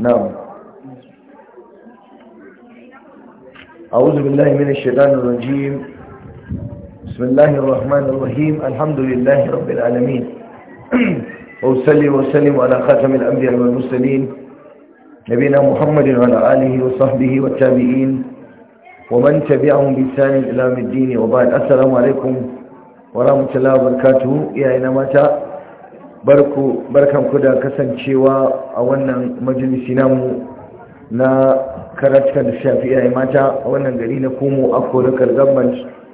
نعم أعوذ بالله من الشيطان الرجيم بسم الله الرحمن الرحيم الحمد لله رب العالمين وأسلي وسلم على خاتم الأنبياء والمرسلين نبينا محمد وعلى آله وصحبه والتابعين ومن تبعهم بإحسان إلى يوم الدين وبعد السلام عليكم ورحمة الله وبركاته يا إنما barkan ku da kasancewa a wannan majalisi namu na karatukan da shafi iyaye mata a wannan gari na komo a na karzamban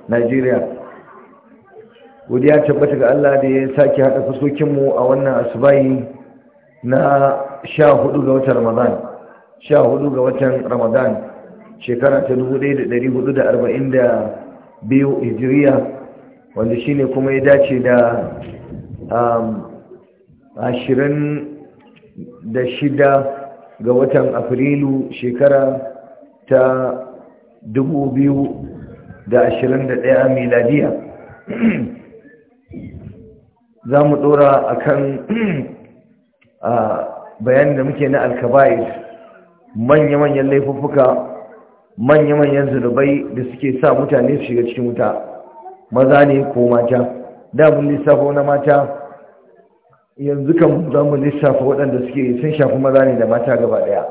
najeriya godiya tabbata ga allah da ya sake haɗa fuskokinmu a wannan asubahi na sha hudu ga watan ramadan sha hudu ga watan ramadan shekara ta dubu daya da dari hudu da arba'in da biyu hijiriya wanda shine kuma ya dace da um, ashirin da shida ga watan afrilu shekara ta dubu biyu da ashirin da ɗaya miladiya za mu ɗora a kan bayan da muke na alkabayir manya-manyan laifuffuka manya-manyan zunubai da suke sa mutane su shiga cikin wuta maza ne ko mata damun lissafo na mata yanzu kan za mu lissafa waɗanda suke sun shafi maza ne da mata gaba ɗaya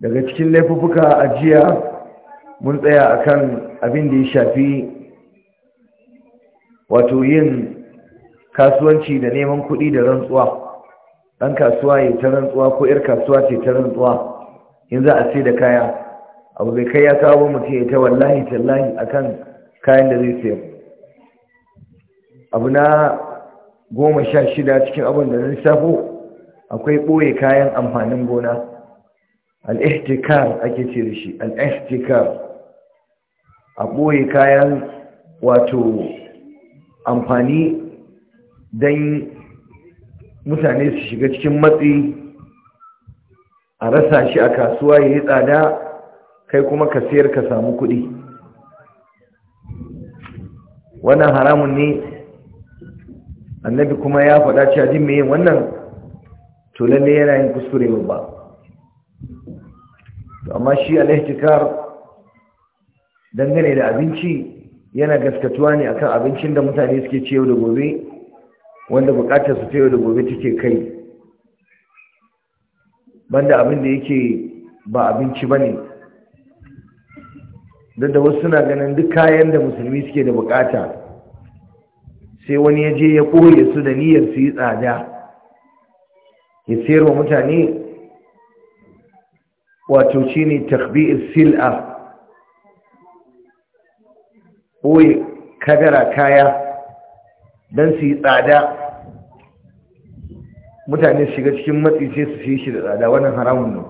daga cikin laifuffuka ajiya, mun tsaya akan abin da ya shafi wato yin kasuwanci da neman kuɗi da rantsuwa ɗan kasuwa ya ta rantsuwa ko 'yar kasuwa ce ta rantsuwa in za a sai da kaya abu bai kai ya kawo mutum ya ta wallahi tallahi akan kayan da zai sayar abu na goma sha shida cikin abin da na safo, akwai ɓoye kayan amfanin gona al'ihtikar ake ce da shi al'ihtikar a ɓoye kayan wato amfani don mutane su shiga cikin matsi a rasa shi a kasuwa ya yi tsada kai kuma ka sayar ka samu kuɗi wannan haramun ne annabi kuma ya faɗa cewa din mai yin wannan to lalle yana yin kuskure ba. to amma shi al-ihtikar dangane da abinci yana gaskatuwa ne akan abincin da mutane suke ci yau da gobe wanda bukatar su ta da gobe take kai banda abin da yake ba abinci bane don da wasu suna ganin duk kayan da musulmi suke da bukata sai wani ya je ya ɓoye su da niyyar su yi tsada ya sayar wa mutane wato shi ne takbi'ir sil'a ɓoye kagara kaya don su yi tsada mutane shiga cikin matsi sai su fi shi da tsada wannan haramun ne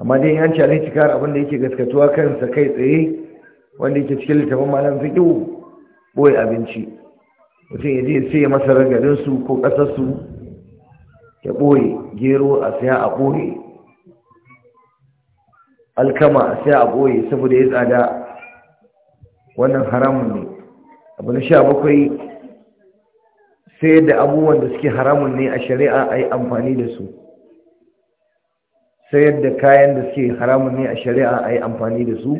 amma dai yanci a abin abinda yake gaskatuwa kansa kai tsaye wanda yake cikin littafin malam fiƙiwu ɓoye abinci mutum ya je sai masarar garinsu ko ƙasarsu ya ɓoye gero a siya a ɓoye alkama a siya a ɓoye saboda ya tsada wannan haramun ne abu na sha bakwai sayar da abubuwan da suke haramun ne a shari'a a yi amfani da su sayar da kayan da suke haramun ne a shari'a a yi amfani da su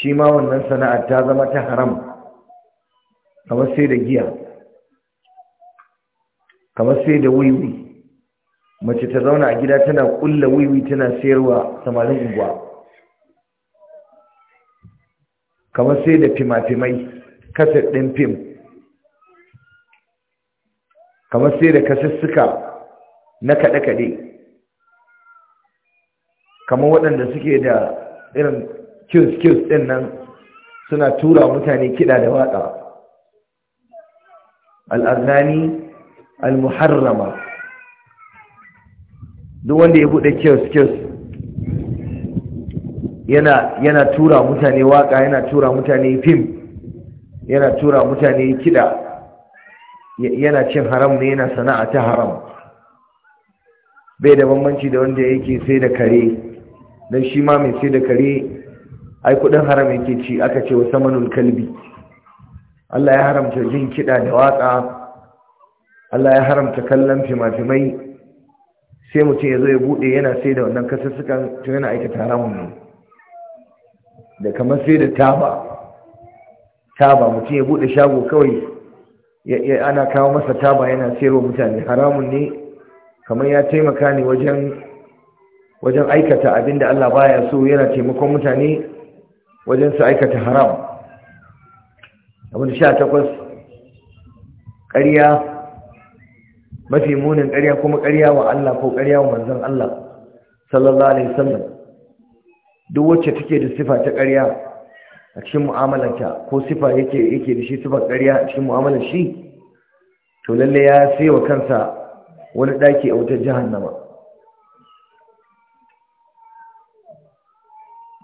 shi ma wannan sana'ar ta zama ta haram kamar sai da giya kamar sai da wiwi mace ta zauna a gida tana kulla wiwi tana sayarwa samarin unguwa kamar sai da fima kasar ɗin fim kamar sai da kasassuka na kaɗe-kaɗe kamar waɗanda suke da irin kills-kills ɗin nan suna tura mutane kiɗa da waƙa al'azani al-muharrama duk wanda ya buɗe kios-kios yana tura mutane waka yana tura mutane fim yana tura mutane kida yana cin haram ne yana sana'a ta haram bai da bambanci da wanda yake sai da kare don shi ma mai sai da kare ai kudin haram yake ci aka ce wa samanul kalbi Allah ya haramta jin kiɗa da waƙa Allah ya haramta kallon fimafimai, sai mutum ya zo ya buɗe yana sai da wannan kasassukan tun yana aikata haramun nan da kamar sai da taba taba mutum ya buɗe shago kawai ana kawo masa taba yana sayarwa mutane haramun ne kamar ya taimaka ne wajen wajen aikata abinda Allah baya so yana taimakon mutane wajen su aikata haram abin sha takwas ƙarya mafi munin ƙarya kuma ƙarya wa Allah ko ƙarya wa manzan Allah sallallahu alaihi wasallam duk wacce take da sifa ta ƙarya a cikin mu'amalarta ko sifa yake yake da shi sifar ƙarya a cikin mu'amalar shi to lalle ya sai wa kansa wani ɗaki a wutar jahannama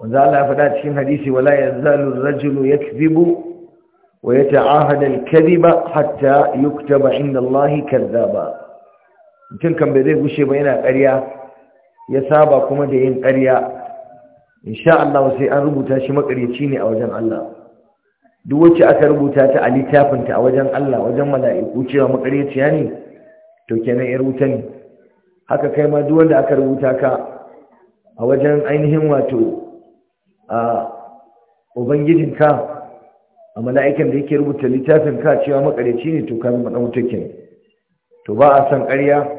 manzo Allah ya faɗa cikin hadisi wala yazalu ar-rajulu yakdhibu ويتعاهد الكذب حتى يكتب عند الله كذابا mutum kan ba zai gushe ba yana ƙarya ya saba kuma da yin ƙarya insha Allah sai an rubuta shi makaryaci ne a wajen Allah duk wacce aka rubuta ta a littafinta a wajen Allah wajen mala'iku cewa makaryaciya ne to kenan ya rubuta ne haka kai ma duk wanda aka rubuta ka a wajen ainihin wato a ubangijinka a mala'ikan da yake rubuta littafin ka cewa makareci ne to ka zama ɗan wuta to ba a san ƙarya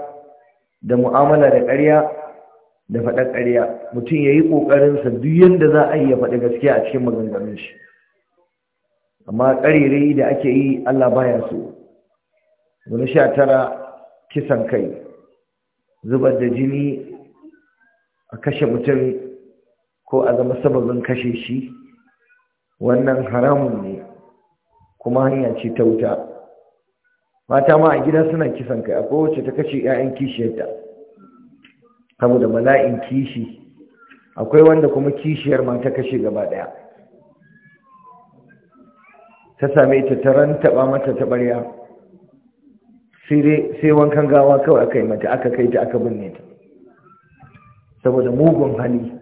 da mu'amala da ƙarya da faɗa ƙarya mutum ya yi ƙoƙarinsa duk yadda za a yi ya faɗi gaskiya a cikin maganganun shi amma ƙarere da ake yi Allah baya so wani sha tara kisan kai zubar da jini a kashe mutum ko a zama sababin kashe shi wannan haramun ne kuma hanya ce ta wuta mata ma a gida suna kisan kai akwai wacce ta kashe 'ya'yan kishiyarta saboda bala'in kishi akwai wanda kuma kishiyar ma ta kashe gaba daya ta same ta ran taɓa mata ta ɓarya sai wankan gawa kawai aka yi mata aka kai ta aka binne ta saboda mugun hali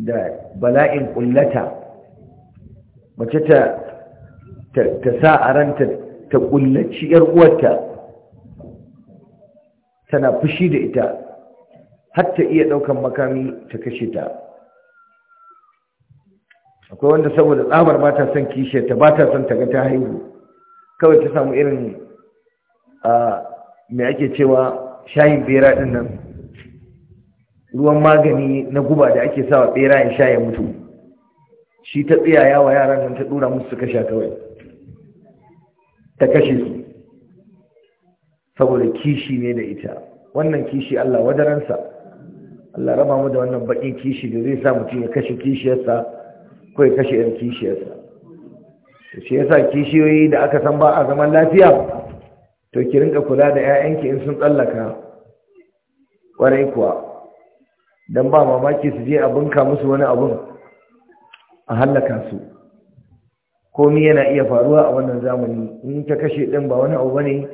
da bala'in ƙullata, mace ta ta sa a ranta ta ƙullaci yar uwarta tana fushi da ita har ta iya daukan makami ta kashe ta akwai wanda saboda tsabar ba ta son kishe ta ba ta son ta ga ta haihu kawai ta samu irin a mai ake cewa shayin bera din nan ruwan magani na guba da ake sawa bera ya sha ya mutu shi ta tsiyaya wa yaran nan ta dura musu su sha kawai ta kashe su saboda kishi ne da ita wannan kishi Allah wadaransa Allah raba mu da wannan bakin kishi da zai sa mutum ya kashe kishiyarsa ko ya kashe yan kishiyarsa shi yasa kishiyoyi da aka san ba a zaman lafiya to ki rinka kula da 'ya'yanki in sun tsallaka kwarai kuwa don ba mamaki su je a bunka musu wani abun a hallaka su komi yana iya faruwa a wannan zamani in ta kashe ɗin ba wani abu bane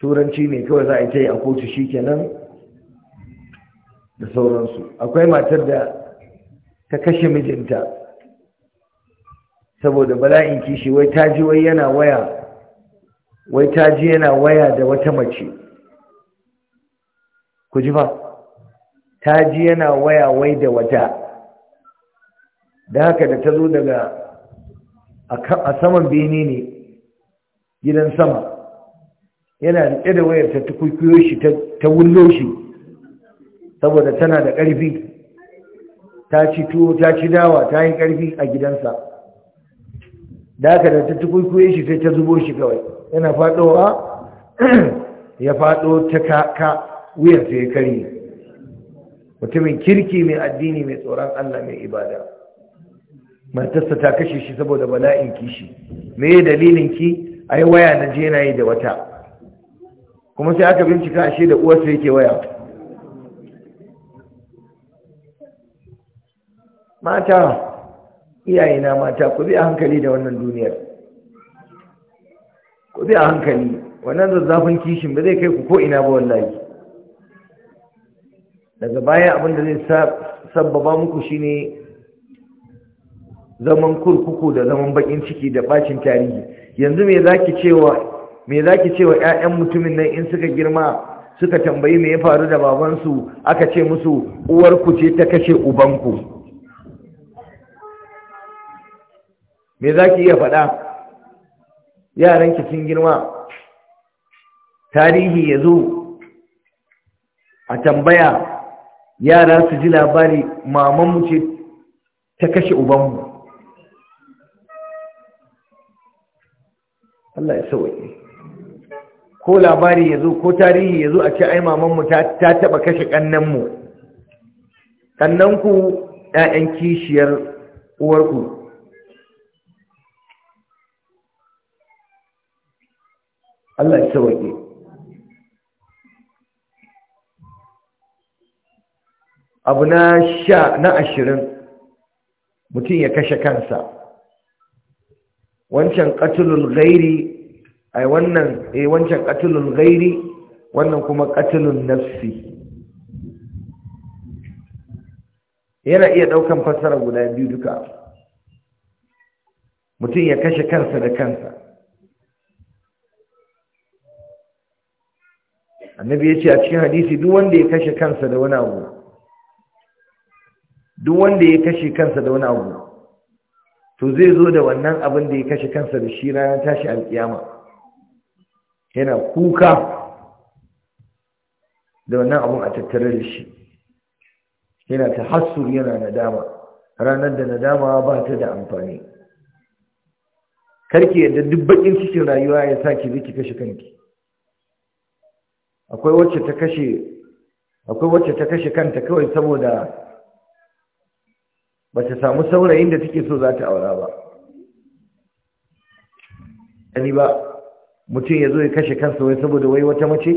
turanci ne kawai za a ta yi a kotu shi kenan da sauransu akwai matar da ta kashe mijinta saboda bala'in kishi wai ta ji wai yana waya wai ta ji yana waya da wata mace ku ji ba ta ji yana waya wai da wata da haka da ta zo daga a saman bene ne gidan sama yana riƙe da wayar ta tukukiyo shi ta wullo shi saboda tana da ƙarfi ta ci tuwo ta ci dawa ta yi ƙarfi a gidansa da aka da ta tukukiyo shi sai ta zubo shi kawai yana faɗowa ya faɗo ta kaka wuyarsa ya karye mutumin kirki mai addini mai tsoron allah mai ibada matarsa ta kashe shi saboda bala'in kishi me dalilin ki a yi waya na je yi da wata kuma sai aka bincika ashe da uwarsa yake waya mata iyayena mata ku bi a hankali da wannan duniyar ku bi a hankali wannan zazzafin kishin ba zai kai ku ko ina ba wallahi daga bayan abin da zai sabbaba muku shine zaman kurkuku da zaman bakin ciki da bacin tarihi yanzu me zaki cewa me zaki cewa ƴaƴan mutumin nan in suka girma suka tambayi me ya faru da babansu aka ce musu uwarku ce ta kashe ubanku me zaki iya faɗa yaranki sun girma tarihi ya zo a tambaya yara su ji labari mamanmu ce ta kashe ubanmu Allah ya sauwaƙe ko labari ya zo ko tarihi ya zo a ce ai mamanmu ta taɓa kashe ƙannanmu ƙannanku ‘ya'yan kishiyar uwarku Allah ya sauwaƙe abu na sha na ashirin mutum ya kashe kansa wancan qatlul ghairi ai wannan eh wancan qatlul ghairi wannan kuma qatlun nafsi yana iya daukan fassara guda biyu duka mutum ya kashe kansa da kansa annabi ya ce a cikin hadisi duk wanda ya kashe kansa da wani abu duk wanda ya kashe kansa da wani abu to zai zo da wannan abin da ya kashe kansa da shi ranar tashi alƙiyama yana kuka da wannan abin a tattare da shi yana ta hassur yana nadama ranar da nadama ba ta da amfani karki yadda duk bakin cikin rayuwa ya saki zai ki kashe kanki akwai wacce ta kashe akwai wacce ta kashe kanta kawai saboda ba ta samu saurayin da take so za ta aura ba ani ba mutum ya zo ya kashe kansa wai saboda wai wata mace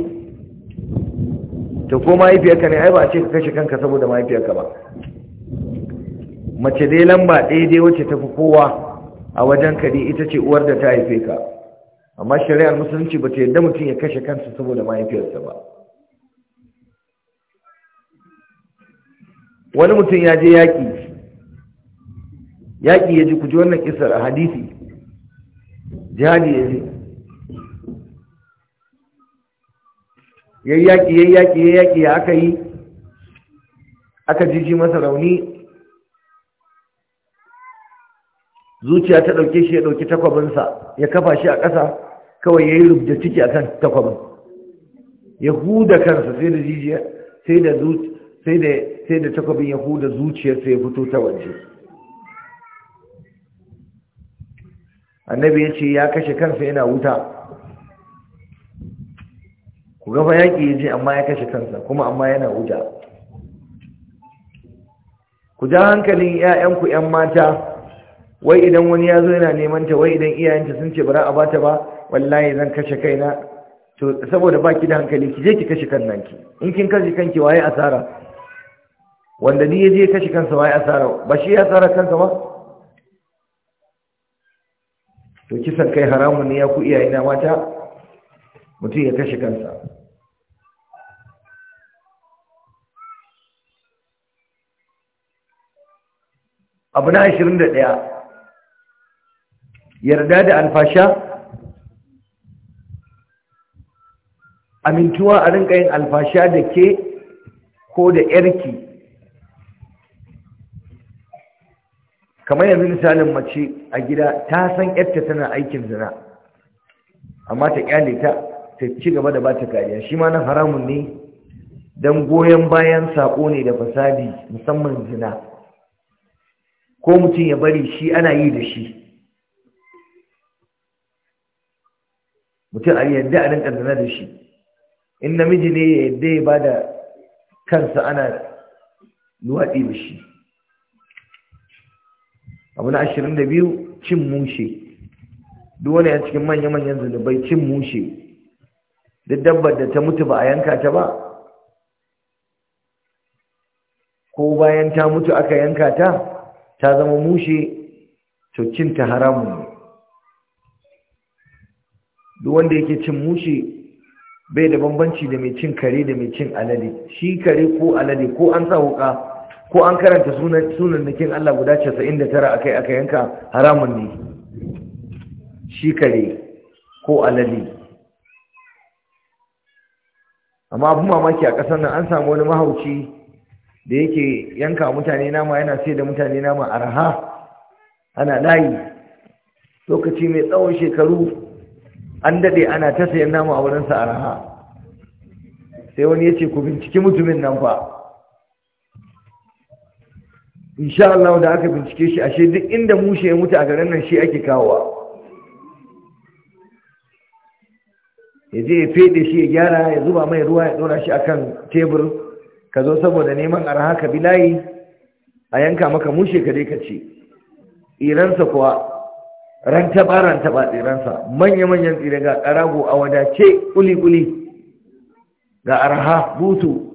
ta ko mahaifiyarka ne ai ba a ce ka kashe kanka saboda mahaifiyarka ba mace dai lamba ɗaya dai wacce ta fi kowa a wajen ka ita ce uwar da ta haife ka amma shari'ar musulunci ba ta yadda mutum ya kashe kansa saboda mahaifiyarsa ba wani mutum ya je yaƙi yaƙi ya ji ku ji wannan kisar a hadisi jihadi ya ji ya yi yayyaki ya aka yi aka jiji masa rauni zuciya ta ɗauke shi ya ɗauki takwabinsa ya kafa shi a ƙasa kawai ya yi rubda ciki a kan takwabin ya huda kansa sai da jijiya sai da takwabin ya huda zuciyarsa ya fito ta waje annabi ya ce ya kashe kansa yana wuta ku gafa yaƙi ya je amma ya kashe kansa kuma amma yana wuta ku ja hankalin 'ya'yanku 'yan mata wai idan wani ya zo yana neman ta wai idan iyayenta sun ce bara a bata ba wallahi zan kashe kaina to saboda baki da hankali ki je ki kashe kan nanki in kin kashe kanki waye asara wanda ni ya je kashe kansa waye asara ba shi ya asara kansa ba to kisan kai haramun ne ya ku iyaye na mata mutum ya kashe kansa abu na ashirin da ɗaya yarda da alfasha amintuwa a rinka yin alfasha da ke ko da yarki kamar yanzu misalin mace a gida ta san yarta tana aikin zina amma ta kyale ta ta ci gaba da ba ta kariya shi ma nan haramun ne don goyon bayan saƙo ne da fasadi musamman zina ko mutum ya bari shi ana yi da shi mutum a yadda a rinka zina da shi in namiji ne ya yadda ya ba da kansa ana luwaɗi da shi abu na ashirin da biyu cin mushe duk wani a cikin manya-manyan zunubai cin mushe duk dabbar da ta mutu ba a yanka ta ba ko bayan ta mutu aka yanka ta ta zama mushe to cin ta haramu ne duk wanda yake cin mushe bai da bambanci da mai cin kare da mai cin alade shi kare ko alade ko an sa wuka ko an karanta sunan nakin Allah guda 99 akai aka yanka haramun ne shi kare ko alali amma abin mamaki a ƙasar nan an samu wani mahauci da yake yanka mutane nama yana sai da mutane nama a raha? ana layi lokaci mai tsawon shekaru an daɗe ana ta sayan nama a wurinsa a raha. sai wani ya ce ku binciki mutumin nan fa insha Allah da aka bincike shi ashe duk inda mushe ya mutu a garin nan shi ake kawowa ya je ya fede shi ya gyara ya zuba mai ruwa ya dora shi akan tebur ka zo saboda neman arha ka bi layi a yanka maka mushe ka dai ka ce iransa kuwa ran taba ran taba tsiransa manya-manyan tsire ga karago a wadace kuli-kuli ga arha butu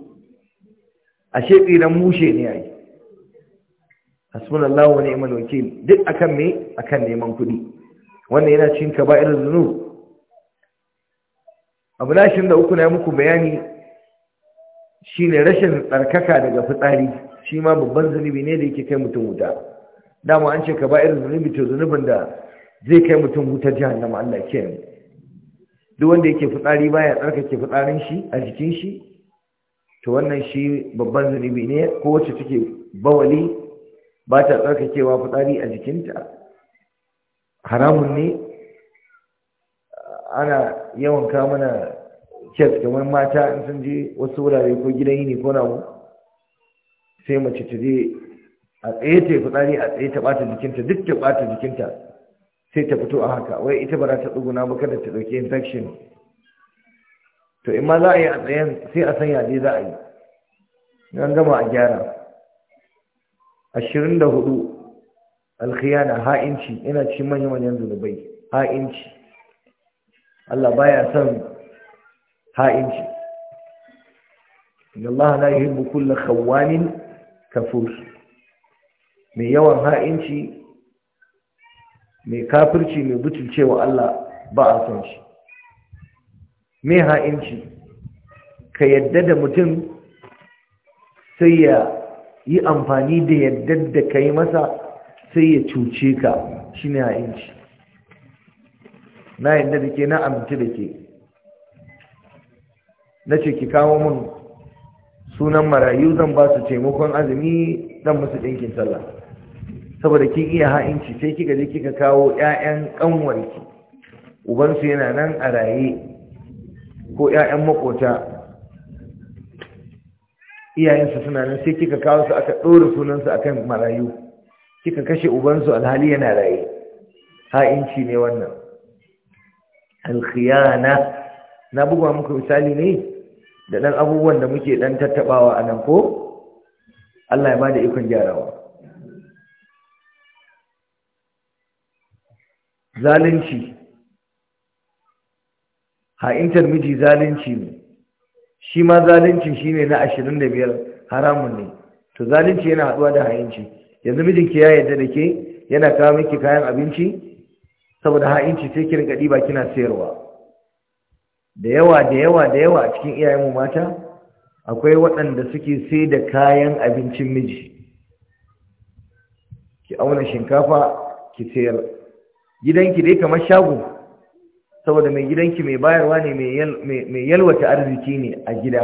ashe tsiran mushe ne ya yi hasbunallahu wa ni'mal wakil duk akan me akan neman kuɗi wannan yana cikin kaba'ir zunub abu na da uku na muku bayani shine rashin tsarkaka daga fitsari shi ma babban zunubi ne da yake kai mutum wuta dama an ce kaba'ir zunubi to zunubin da zai kai mutum wuta jahannama Allah ke duk wanda yake fitsari baya tsarkake fitsarin shi a jikin shi to wannan shi babban zunubi ne ko wacce take bawali ba ta tsarkakewa fitsari a jikinta haramun ne ana yawan kamuna kes kamar mata in sun je wasu wurare ko gidan yini ko namu sai mace ta je a tsaye ta fitsari a tsaye ta bata jikinta duk ta bata jikinta sai ta fito a haka wai ita ba za ta tsuguna ba kada ta dauki infection to in ma za a yi a tsayen sai a sanya je za a yi don gama a gyara ashirin da hudu alkhiyana ha'inci ina ci manya-manyan zunubai ha'inci Allah baya son ha'inci Allah la yuhibbu kulla khawanin kafur mai yawan ha'inci mai kafirci mai butulcewa Allah ba a son shi mai ha'inci ka yadda da mutum sai ya yi amfani da yadda da ka yi masa sai ya cuce ka shi a ha'inci na yadda da ke na amince da ke na ce ki kawo mun sunan marayu zan ba su taimakon azumi zan musu ɗinkin sallah saboda kin iya ha'inci sai kika je kika kawo 'ya'yan ƙanwarki ubansu yana nan a raye ko 'ya'yan makota Iyayensa suna nan sai kika kawo su aka ɗora sunansu a kan marayu kika kashe ubansu alhali yana raye ha'inci ne wannan alkhiyana na buga muku misali ne da ɗan abubuwan da muke ɗan tattabawa a nan ko Allah ya ba da ikon gyarawa zalunci ha'intar miji zalunci ne shi ma zalunci shine na ashirin da biyar haramun ne to zalunci yana haɗuwa da ha'inci yanzu mijinki ya yadda da ke yana kawo miki kayan abinci saboda ha'inci sai ki rinka ɗiba kina sayarwa da yawa da yawa da yawa a cikin iyayenmu mata akwai waɗanda suke sai da kayan abincin miji ki auna shinkafa ki sayar gidanki dai kamar shago saboda mai gidanki mai bayarwa ne mai yalwata arziki ne a gida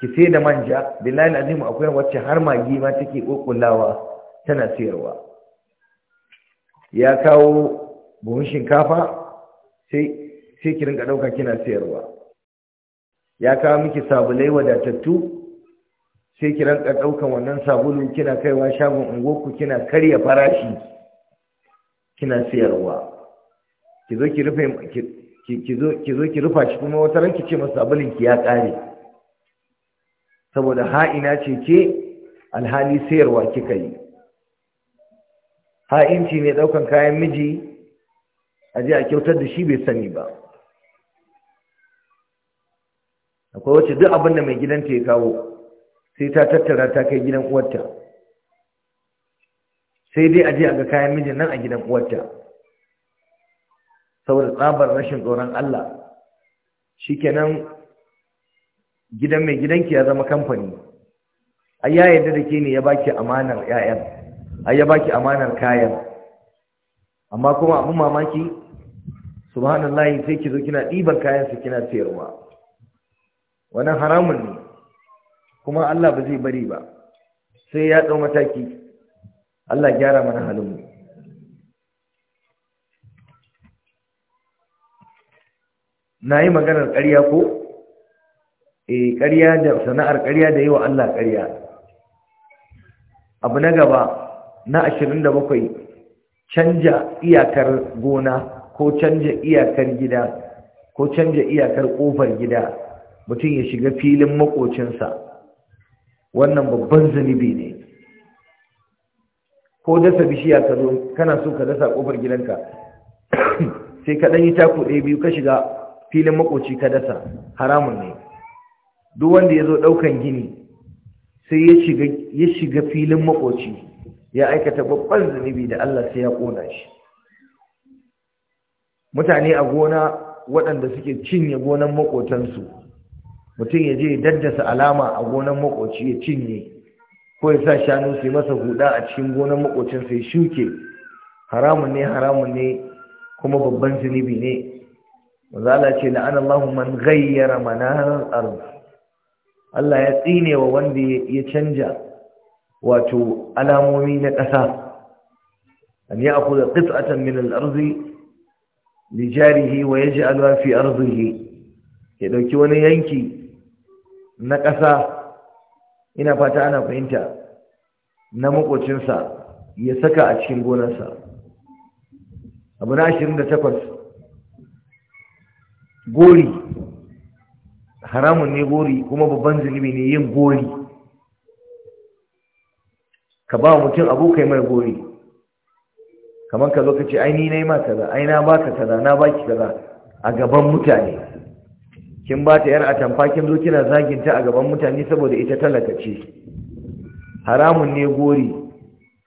ki sai da manja billahi azimu akwai wacce har magi ma take kokullawa tana sayarwa ya kawo buhun shinkafa sai sai ki rinka dauka kina sayarwa ya kawo miki sabulai wadatattu sai ki rinka daukan wannan sabulu kina kaiwa shagon ungoku kina karya farashi kina sayarwa ki zo ki rufe ki zo ki rufa shi kuma wata ranki ce masu abulin ki ya ƙare saboda ha'ina ce ke alhali sayarwa kika yi ha'inci ne ɗaukan kayan miji a je a kyautar da shi bai sani ba akwai wace duk abin da mai gidanta ya kawo sai ta tattara ta kai gidan uwarta sai dai a je a ga kayan mijin nan a gidan uwarta saboda tsabar rashin tsoron Allah shi kenan gidan mai gidanki ya zama kamfani a ya yadda da ke ne ya baki amanar ƴaƴan a ya baki amanar kayan amma kuma abin mamaki subhanallah sai ki zo kina ɗiban kayan su kina sayarwa wannan haramun ne kuma Allah ba zai bari ba sai ya ɗau mataki Allah gyara mana halin na yi maganar ƙarya ko Eh ƙarya da sana'ar ƙarya da yi wa Allah ƙarya abu na gaba na ashirin da bakwai canja iyakar gona ko canja iyakar gida ko canja iyakar ƙofar gida mutum ya shiga filin makocinsa wannan babban zunubi ne ko dasa bishiya ka zo kana so ka dasa ƙofar gidanka sai ka ɗan yi taku ɗaya biyu ka shiga filin makoci ka dasa haramun ne duk wanda ya zo ɗaukan gini sai ya shiga filin makoci ya aikata babban zunubi da Allah sai ya ƙona shi mutane a gona waɗanda suke cinye gonan makotansu mutum ya je daddasa alama a gonan makoci ya cinye ko ya sa shanu su masa huda a cikin gonan makocinsa ya shuke haramun ne haramun ne kuma babban zunubi ne Mazala ce la'an Allahu man gayyara manarar ard. Allah ya tsine wa wanda ya canja wato alamomi na ƙasa. An yi akuda qit'atan min al'arzi Lijarihi jarihi wa yaj'alha fi Ya ɗauki wani yanki na ƙasa ina fata ana fahimta na makocinsa ya saka a cikin gonarsa. Abu na 28 gori haramun ne gori kuma babban zunubi ne yin gori ka ba mutum abu kai mai gori kamar ka zo ka ce aini na yi ma kaza ai na baka kaza na baki kaza a gaban mutane kin ba ta yar tamfa kin zo kina zaginta a gaban mutane saboda ita talaka ce haramun ne gori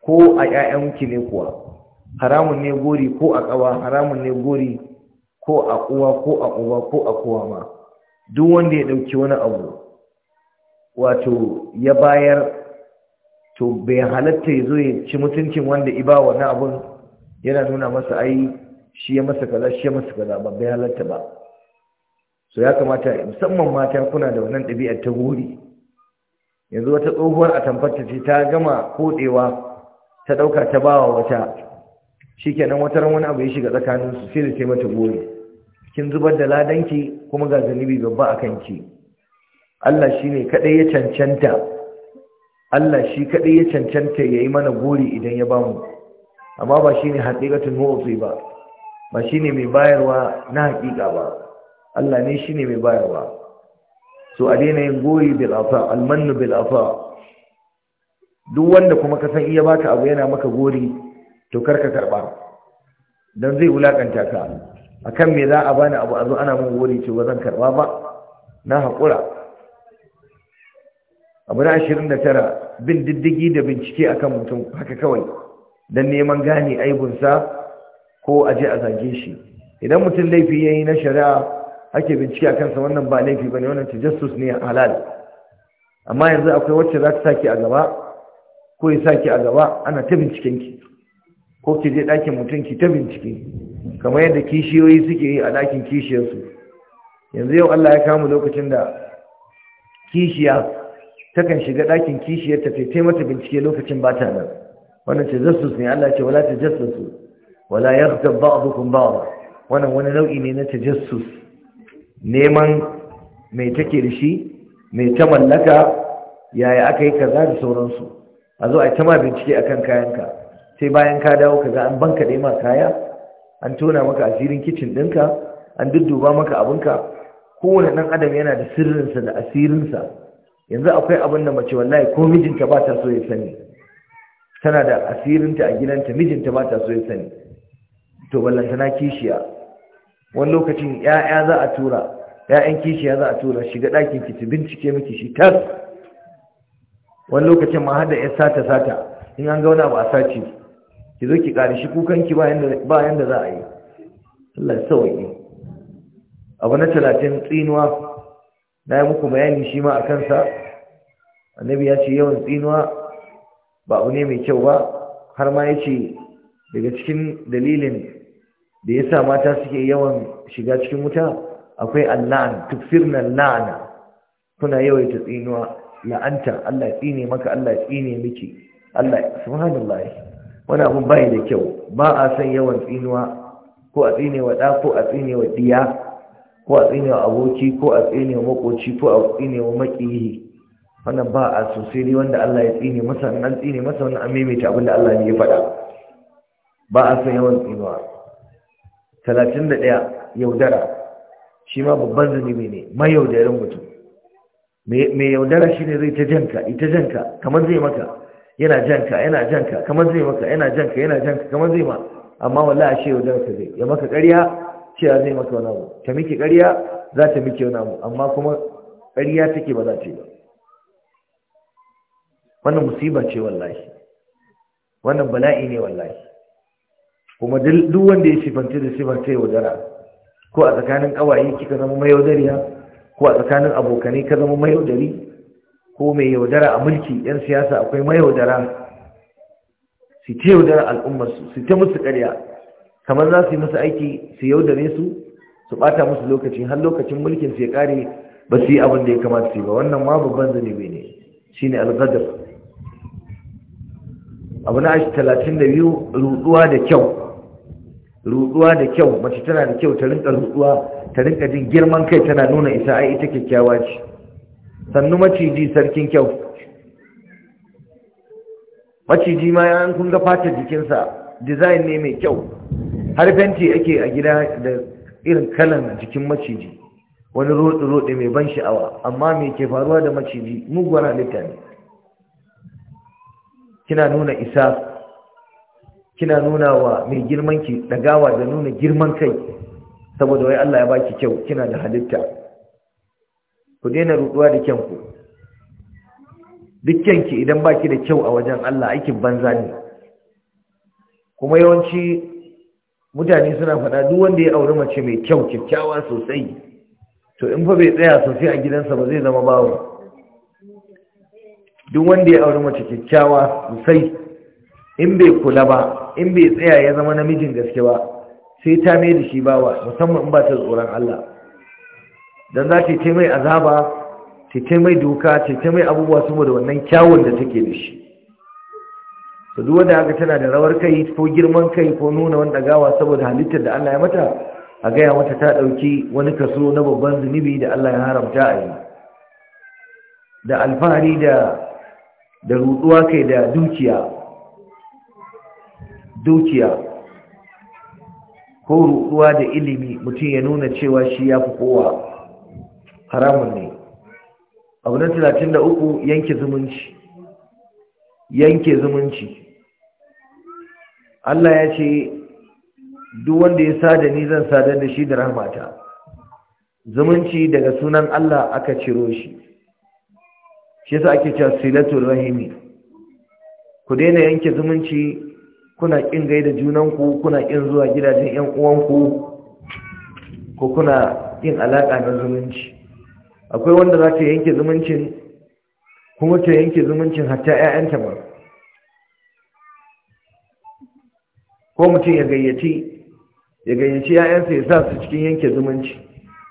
ko a ƴaƴanki ne kuwa haramun ne gori ko a ƙawa haramun ne gori ko a uwa ko a uwa ko a kowa ma duk wanda ya ɗauki wani abu wato ya bayar to bai halatta ya zo ya ci mutuncin wanda iba wani abun yana nuna masa ai shi ya masa kaza shi ya masa kaza ba bai halatta ba so ya kamata musamman mata kuna da wannan ɗabi'ar ta gori yanzu wata tsohuwar a tamfarta ce ta gama koɗewa ta ɗauka ta bawa wata kenan wata ran wani abu ya shiga tsakaninsu sai da sai mata gori kin zubar da ladanki kuma ga zunubi babba a kanki Allah shi ne kaɗai ya cancanta Allah shi kaɗai ya cancanta ya yi mana gori idan ya bamu amma ba shi ne haƙiƙatun motsi ba ba shi ne mai bayarwa na haƙiƙa ba Allah ne shi ne mai bayarwa so a daina yin gori bil afa almannu bil afa duk wanda kuma ka san iya baka abu yana maka gori to karka karɓa. dan zai wulakanta ka akan me za a bani abu a zo ana min wuri ce ba zan karba ba na haƙura abu na ashirin da tara bin diddigi da bincike akan mutum haka kawai don neman gane aibunsa ko a je a zage shi idan mutum laifi ya yi na shari'a ake bincike a kansa wannan ba laifi ba ne wannan ta jastus ne halal amma yanzu akwai wacce za ta sake a gaba ko ya sake a gaba ana ta binciken ki. ko ki je ɗakin mutum ki ta bincike kamar yadda kishiyoyi suke yi a ɗakin kishiyarsu yanzu yau Allah ya kama lokacin da kishiya takan shiga ɗakin kishiyar ta ta mata bincike lokacin ba ta nan wannan ce jassus ne Allah ce wala ta wala ya ba'dukum ba'd wannan wani nau'i ne na tajassus neman mai take da shi mai ta mallaka yaya aka yi kaza da sauransu a zo a yi ta ma bincike akan kayanka sai bayan ka dawo ka ga an banka da ma kaya an tona maka asirin kicin ɗinka an dudduba maka abinka kowane ɗan adam yana da sirrinsa da asirinsa yanzu akwai abin da mace wallahi ko mijinta ba ta so ya sani tana da asirinta a gidanta mijinta ba ta so ya sani to na kishiya wani lokacin ya'ya za a tura ya'yan kishiya za a tura shiga ɗakin ki bincike miki shi tas wani lokacin ma har da ya sata sata in an wani ba a sace ki zo ki ƙarishi shi kukanki ba yadda za a yi Allah sauƙi abu na talatin tsinuwa na yi muku bayani shi ma a kansa annabi ya ce yawan tsinuwa ba abu ne mai kyau ba har ma ya ce daga cikin dalilin da ya sa mata suke yawan shiga cikin wuta akwai allan na la'ana kuna yawaita tsinuwa la'anta Allah tsine maka Allah tsine miki Allah subhanallah wani abu bayi da kyau ba a san yawan tsinuwa ko a tsinewa ɗa ko a tsinewa ɗiya, ko a tsinewa aboki ko a tsinewa makoci ko a tsinewa makiyi wannan ba a sosai ne wanda Allah ya tsine masa nan tsine masa wani an maimaita abin da Allah ne ya faɗa ba a san yawan tsinuwa talatin da ɗaya yaudara shi ma babban zunubi ne mai yaudarin mutum mai yaudara shi ne zai ta janka ita janka kamar zai maka yana janka yana janka kamar zai maka yana janka yana janka kamar zai ma amma wallahi shi yau ka zai ya maka ƙarya cewa zai maka wani abu ta miki ƙarya za ta miki wani abu amma kuma ƙarya take ba za ta yi ba wannan musiba ce wallahi wannan bala'i ne wallahi kuma duk wanda ya sifanci da sifa ta yaudara ko a tsakanin ƙawaye kika zama mayaudariya ko a tsakanin abokanai ka zama mayaudari ko mai yaudara a mulki yan siyasa akwai mayaudara su ta yaudara al'ummarsu su ta musu karya, kamar za su yi musu aiki su yaudare su su ɓata musu lokaci har lokacin mulkin su ya ƙare ba su yi abin da ya kamata su yi ba wannan ma babban zunubi ne shi al-ghadab abu na biyu, ruɗuwa da kyau Ruɗuwa da kyau mace tana da kyau ta rinka ruɗuwa, ta rinka jin girman kai tana nuna isa ai ita kyakkyawa ce sannu maciji sarkin kyau maciji ma ya kun ga fata jikinsa design ne mai kyau har fenti ake a gida da irin kalan jikin maciji wani roɗe-roɗe mai ban sha'awa amma mai ke faruwa da maciji muguwar halitta ne kina nuna isa kina nuna wa mai girmanki ɗagawa da nuna girman kai saboda wai Allah ya baki kyau kina da halitta ku daina ruɗuwa da kyanku duk kyanki idan baki da kyau a wajen Allah aikin banza ne kuma yawanci mutane suna faɗa duk wanda ya auri mace mai kyau kyakkyawa sosai to in fa bai tsaya sosai a gidansa ba zai zama bawo duk wanda ya auri mace kyakkyawa sosai in bai kula ba in bai tsaya ya zama namijin gaske ba sai ta mai da shi bawa musamman in ba ta tsoron Allah don za ta ce mai azaba ta ce mai doka ta ce mai abubuwa saboda wannan kyawun da take da shi su da haka aka tana da rawar kai ko girman kai ko nuna wanda gawa saboda halittar da Allah ya mata a gaya mata ta ɗauki wani kaso na babban zunubi da Allah ya haramta a yi da alfahari da rutsuwa kai da dukiya dukiya ko rutsuwa da ilimi mutum ya nuna cewa shi ya fi kowa haramun ne abu na talatin da uku yanke zumunci yanke zumunci Allah ya ce duk wanda ya sada ni zan sadar da shi da rahmata zumunci daga sunan Allah aka ciro shi shi yasa ake cewa silatul rahimi ku daina yanke zumunci kuna kin gaida junanku kuna kin zuwa gidajen ƴan uwanku ko kuna yin alaka na zumunci akwai wanda za ta yanke zumuncin kuma ta yanke zumuncin hatta 'ya'yanta ba ko mutum ya gayyaci ya gayyaci 'ya'yansa ya sa su cikin yanke zumunci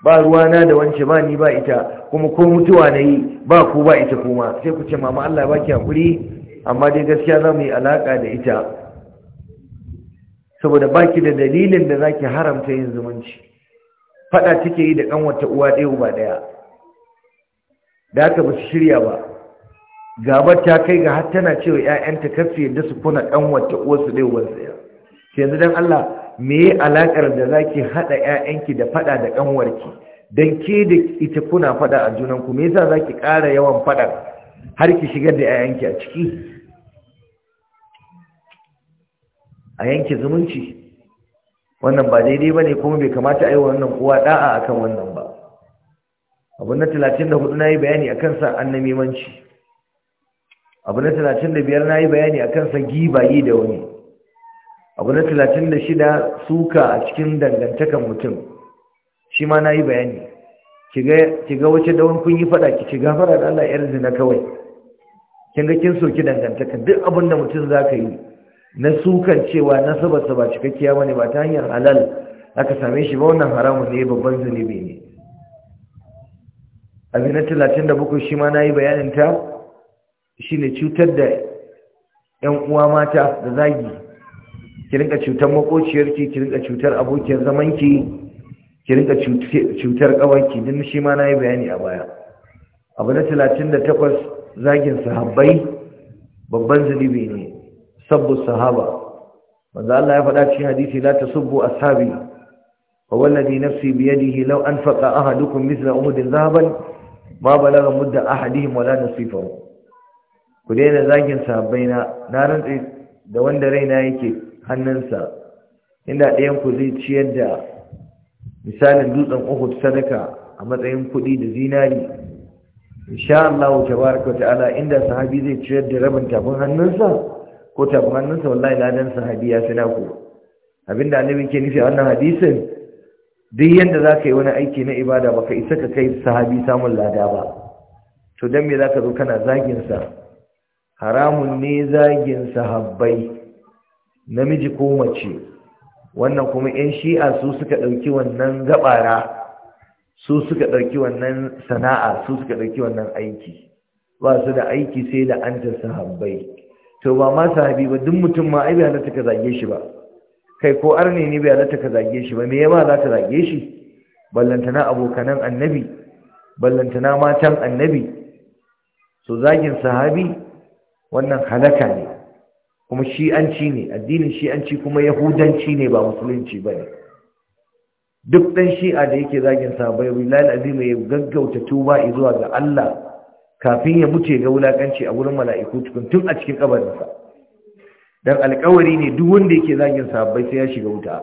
ba ruwana da wance ba ni ba ita kuma ko mutuwa na yi ba ku ba ita kuma sai ku ce mama Allah ba ki haƙuri amma dai gaskiya za mu yi alaƙa da ita saboda ba ki da dalilin da za ki haramta yin zumunci faɗa take yi da ƙanwata uwa ɗaya uba ɗaya da aka ba su shirya ba gabar ta kai ga har tana cewa ‘ya'yanta kasu yadda su kuna ɗan wata uwarsu ɗai uwar tsaya yanzu don Allah me ya alaƙar da za ki haɗa ‘ya'yanki da faɗa da ƙanwarki don ke da ita kuna faɗa a junanku me yasa za ki ƙara yawan faɗa har ki shigar da ‘ya'yanki a ciki a yanke zumunci wannan ba daidai ba ne kuma bai kamata a yi wannan uwa ɗa'a akan wannan ba abu na talatin da hudu na yi bayani a kansa annamimanci abu na talatin da biyar na yi bayani a kansa gibayi da wani abu na talatin da shida suka a cikin dangantakan mutum shi ma na yi bayani ki ga wace dawon kun yi fada ki ci gafara da Allah yar zina kawai kin ga kin soki dangantakan duk abin da mutum za ka yi na sukan cewa na saba ba cikakkiya bane ba ta hanyar halal aka same shi ba wannan haramun ne babban zunubi ne abin na talatin da bakwai shi ma na yi bayaninta shi ne cutar da 'yan uwa mata da zagi ki cutar makociyarki ki rinka cutar abokiyar zamanki ki rinka cutar ƙawarki din shi ma na yi bayani a baya abu na talatin da takwas zagin sahabbai babban zunubi ne sabbu sahaba wanda Allah ya faɗa cikin hadisi la tasubbu ashabi wa wallazi nafsi biyadihi law anfaqa ahadukum mithla umudin zahaban ma balaga mudda ahadihim wala nasifahu ku daina zagin sahabbaina na na rantsi da wanda raina yake hannunsa inda ɗayan ku zai ciyar da misalin dutsen Uhud sadaka a matsayin kuɗi da zinari insha Allah tabaraka ta'ala inda sahabi zai ciyar da rabin tafin hannunsa ko tafin hannunsa wallahi ladan sahabi ya sina ku abinda annabi ke nufi a wannan hadisin duk yadda za ka yi wani aiki na ibada ba ka isa ka kai sahabi samun lada ba to don me za ka zo kana zaginsa haramun ne zagin sahabbai namiji ko mace wannan kuma 'yan shi'a su suka ɗauki wannan gabara su suka ɗauki wannan sana'a su suka ɗauki wannan aiki ba su da aiki sai la'antar sahabbai to ba ma sahabi ba duk mutum ma ai bai halatta ka zage shi ba kai ko arne ne bai halatta ka zage shi ba me yaba za ta zage shi ballantana abokanan annabi ballantana matan annabi so zagin sahabi wannan halaka ne kuma shi'anci ne addinin shi'anci kuma yahudanci ne ba musulunci ba ne duk ɗan shi'a da yake zagin sahabai bilal azima ya gaggauta tuba zuwa ga Allah kafin ya mutu ga wulakanci a wurin mala'iku tukun tun a cikin kabarinsa dan alkawari ne duk wanda yake zagin sahabbai sai ya shiga wuta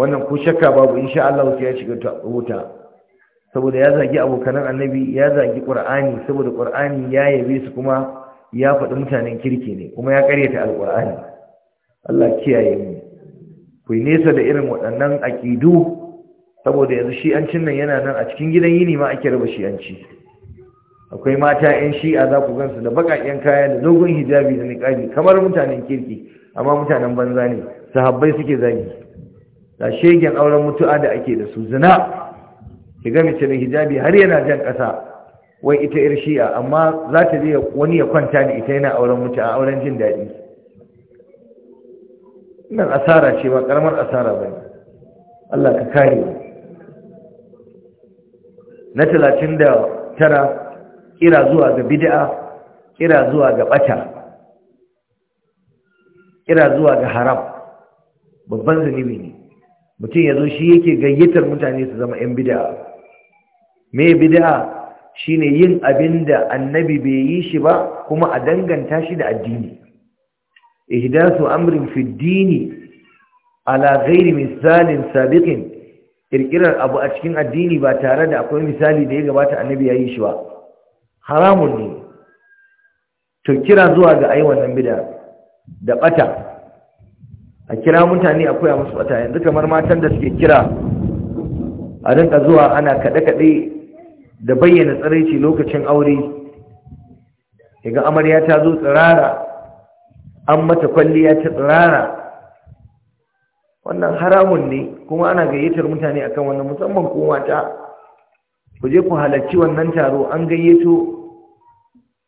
wannan ko shakka babu insha Allah sai ya shiga wuta saboda ya zagi abokan annabi ya zagi qur'ani saboda qur'ani ya yabe su kuma ya faɗi mutanen kirki ne kuma ya karyata alqur'ani Allah kiyaye mu ku nesa da irin waɗannan aqidu saboda yanzu shi'ancin nan yana nan a cikin gidan yini ma ake raba shi'anci akwai mata 'yan shi'a za ku gansu da baƙaƙen kaya da dogon hijabi da niƙabi kamar mutanen kirki amma mutanen banza ne sahabbai suke zagi da shegen auren mutu'a da ake da su zina ki ga mace da hijabi har yana jan ƙasa wai ita ir shi'a amma za ta je wani ya kwanta da ita yana auren mutu'a auren jin daɗi nan asara ce ba ƙaramar asara ba Allah ka kare na talatin da tara kira zuwa ga bid'a kira zuwa ga bata kira zuwa ga haram babban zunubi ne mutum ya zo shi yake gayyatar mutane su zama 'yan bid'a me bid'a shine yin abin da annabi bai yi shi ba kuma a danganta shi da addini ihdasu amrin fi dini ala ghairi misalin sabiqin kirkirar abu a cikin addini ba tare da akwai misali da ya gabata annabi ya yi shi ba haramun ne to kira zuwa ga ayi wannan bid'a da bata a kira mutane a koya musu bata yanzu kamar matan da suke kira a rinka zuwa ana kaɗe-kaɗe da bayyana tsareci lokacin aure kaga amarya ta zo tsirara an mata kwalliya ta tsirara wannan haramun ne kuma ana gayyatar mutane akan wannan musamman kuma ta ku je ku halarci wannan taro an gayyato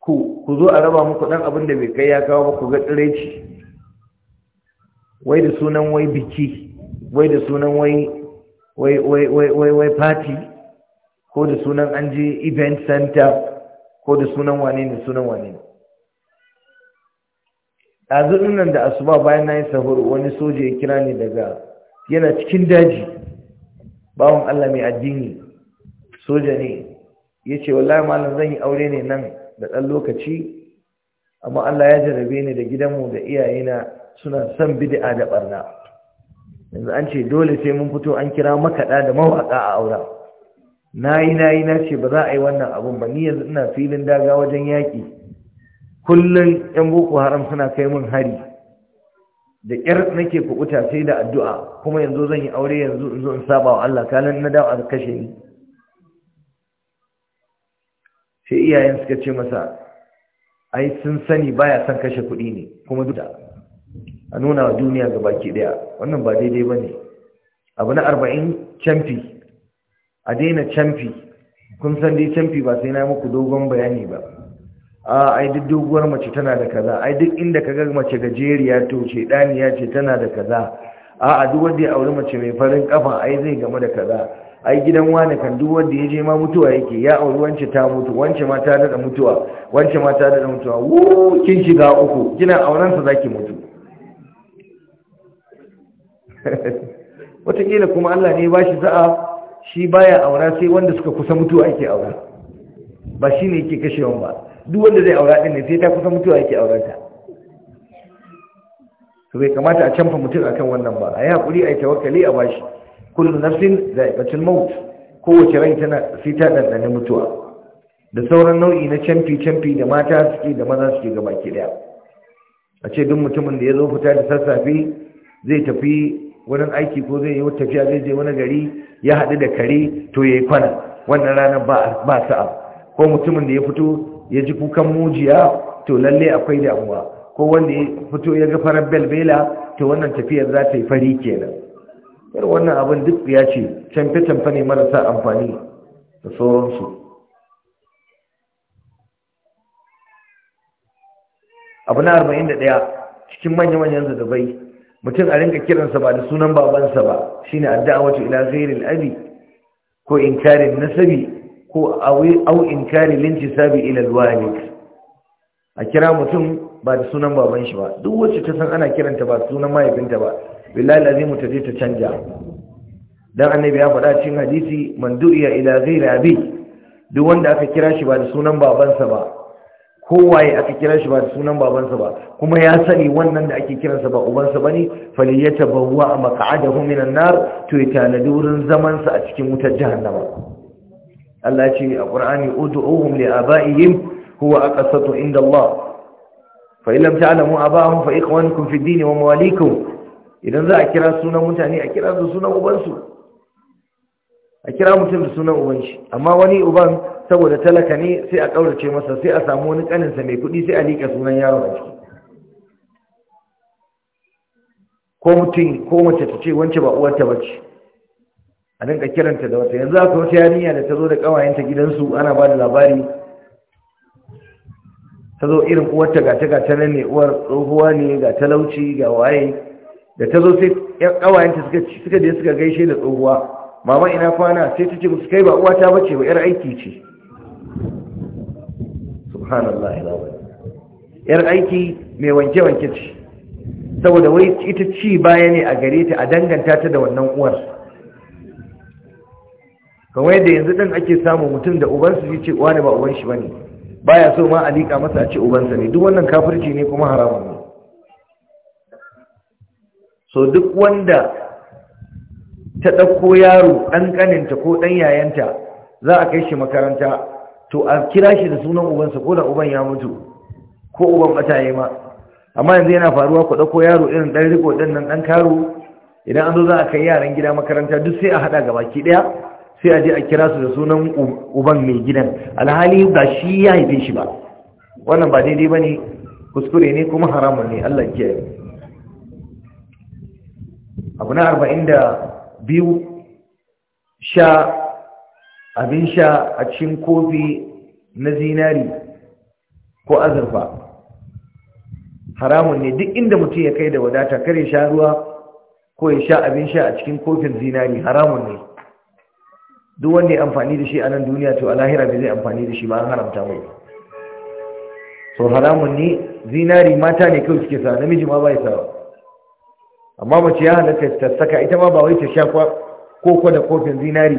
ku ku zo a raba muku dan abin da bai kai ya kawo ba ku ga tsiraici wai da sunan wai biki wai da sunan wai wai wai wai wai party ko da sunan an je event center ko da sunan wane ne sunan wane ne ɗazin nan da asuba bayan na yi sahur wani soja ya kira ni daga yana cikin daji bawan Allah mai addini soja ne ya ce wallahi malam zan yi aure ne nan da ɗan lokaci amma Allah ya jarabe ni da gidanmu da iyayena suna son bid'a da barna yanzu an ce dole sai mun fito an kira makaɗa da mawaƙa a aura nayi nayi na ce ba za a yi wannan abun ba ni yanzu ina filin daga wajen yaƙi kullum yan boko haram suna kai mun hari da ƙyar nake kuɓuta sai da addu'a kuma yanzu zan yi aure yanzu in zo in saba wa Allah kalan na dawo a kashe ni sai iyayen suka ce masa ai sun sani baya son kashe kuɗi ne kuma duk da a nuna wa duniya ga baki ɗaya wannan ba daidai ba ne abu na arba'in camfi a daina camfi kun san dai camfi ba sai na muku dogon bayani ba a ai duk doguwar mace tana da kaza ai duk inda ka ga mace gajeriya to ce ɗaniya ce tana da kaza a a duk wanda ya auri mace mai farin kafa ai zai game da kaza ai gidan wani kan duk wanda ya je ma mutuwa yake ya auri wance ta mutu wance ma ta dada mutuwa wance ma ta dada mutuwa wu kin shiga uku kina auren sa zaki mutu wataƙila kuma Allah ne ba shi sa'a shi baya aura sai wanda suka kusa mutuwa yake aura ba shi ne yake kashewan ba duk wanda zai aura ɗin ne sai ta kusa mutuwa yake aurenta to bai kamata a canfa mutum akan wannan ba a yi haƙuri a yi tawakkali a bashi kullu nafsin za'iqatul maut kowace rai tana sai ta dandana mutuwa da sauran nau'i na camfi camfi da mata suke da maza suke gaba ke daya a ce duk mutumin da ya zo fita da sassafe zai tafi wurin aiki ko zai yi tafiya zai je wani gari ya haɗu da kare to ya yi kwana wannan ranar ba sa'a ko mutumin da ya fito ya ji kukan mujiya to lalle akwai damuwa ko wanda ya fito ya ga farar belbela to wannan tafiyar za ta yi fari kenan yar wannan abin duk ya ce canfe-canfe ne marasa amfani da sauransu abu na arba'in da ɗaya cikin manya-manyan zadabai mutum a rinka kiransa ba da sunan babansa ba shi ne shine wacce ila zairin abi ko inkarin nasabi ko au linci sabi ila alwalid a kira mutum ba da sunan baban ba duk wacce ta san ana kiranta ba sunan mahaifinta ba billahi lazim ta je ta canja dan annabi ya faɗa cikin hadisi man du'iya ila zai abi duk wanda aka kira shi ba da sunan babansa ba kowaye aka kira shi ba da sunan babansa ba kuma ya sani wannan da ake kiransa ba ubansa ba ne faliyata bawwa a maka'adahu minan nar to ya tanadi wurin zamansa a cikin wutar jahannama Allah ce a Qur'ani ud'uhum li aba'ihim huwa aqsatu inda Allah fa in lam ta'lamu aba'ahum fa ikhwanukum fid din wa mawalikum idan za a kira sunan mutane a kira su sunan ubansu a kira mutum da sunan ubanci. amma wani uban saboda talaka ne sai a ƙaurace masa sai a samu wani ƙaninsa mai kuɗi sai a liƙa sunan yaro a ciki ko mutum ko mace ta ce wance ba uwarta ba ce a dinka kiranta da wata yanzu akwai wata yarinya da ta zo da ƙawayenta gidansu ana ba da labari ta zo irin uwarta ga ta ta nan ne uwar tsohuwa ne ga talauci ga waye da ta zo sai ƙawayenta suka je suka gaishe da tsohuwa mama ina kwana sai ta ce musu kai ba uwata ba ce ba yar aiki ce subhanallah ila yar aiki mai wanke-wanke ce saboda wai ita ci baya ne a gare ta a danganta ta da wannan uwar Kamar yadda yanzu ɗin ake samun mutum da ubansu ya ce ne ba uban shi ba ne baya so ma a liƙa masa a ce ubansa ne duk wannan kafirci ne kuma haramun so duk wanda ta ɗauko yaro ɗan ƙaninta ko ɗan yayanta za a kai shi makaranta to a kira shi da sunan ubansa ko da uban ya mutu ko uban mataye ma amma yanzu yana faruwa ku ɗauko yaro irin ɗan riko ɗin nan ɗan karo idan an zo za a kai yaran gida makaranta duk sai a haɗa ga baki ɗaya sai a je a kira su da sunan uban mai gidan alhali ba shi ya haife shi ba wannan ba daidai ba ne kuskure ne kuma haramun ne allah kiyaye abu na arba'in da biyu sha abin sha a cikin kofi na zinari ko azurfa haramun ne duk inda mutum ya kai da wadata kare sha ruwa ko ya sha abin sha a cikin kofin zinari haramun ne duk wanda ya amfani da shi a nan duniya to a lahira bai zai amfani da shi ba an haramta mai so haramun ne zinari mata ne kawai suke sa namiji ma bai sawa amma mace ya halatta ta saka ita ma ba wai ta sha koko da kofin zinari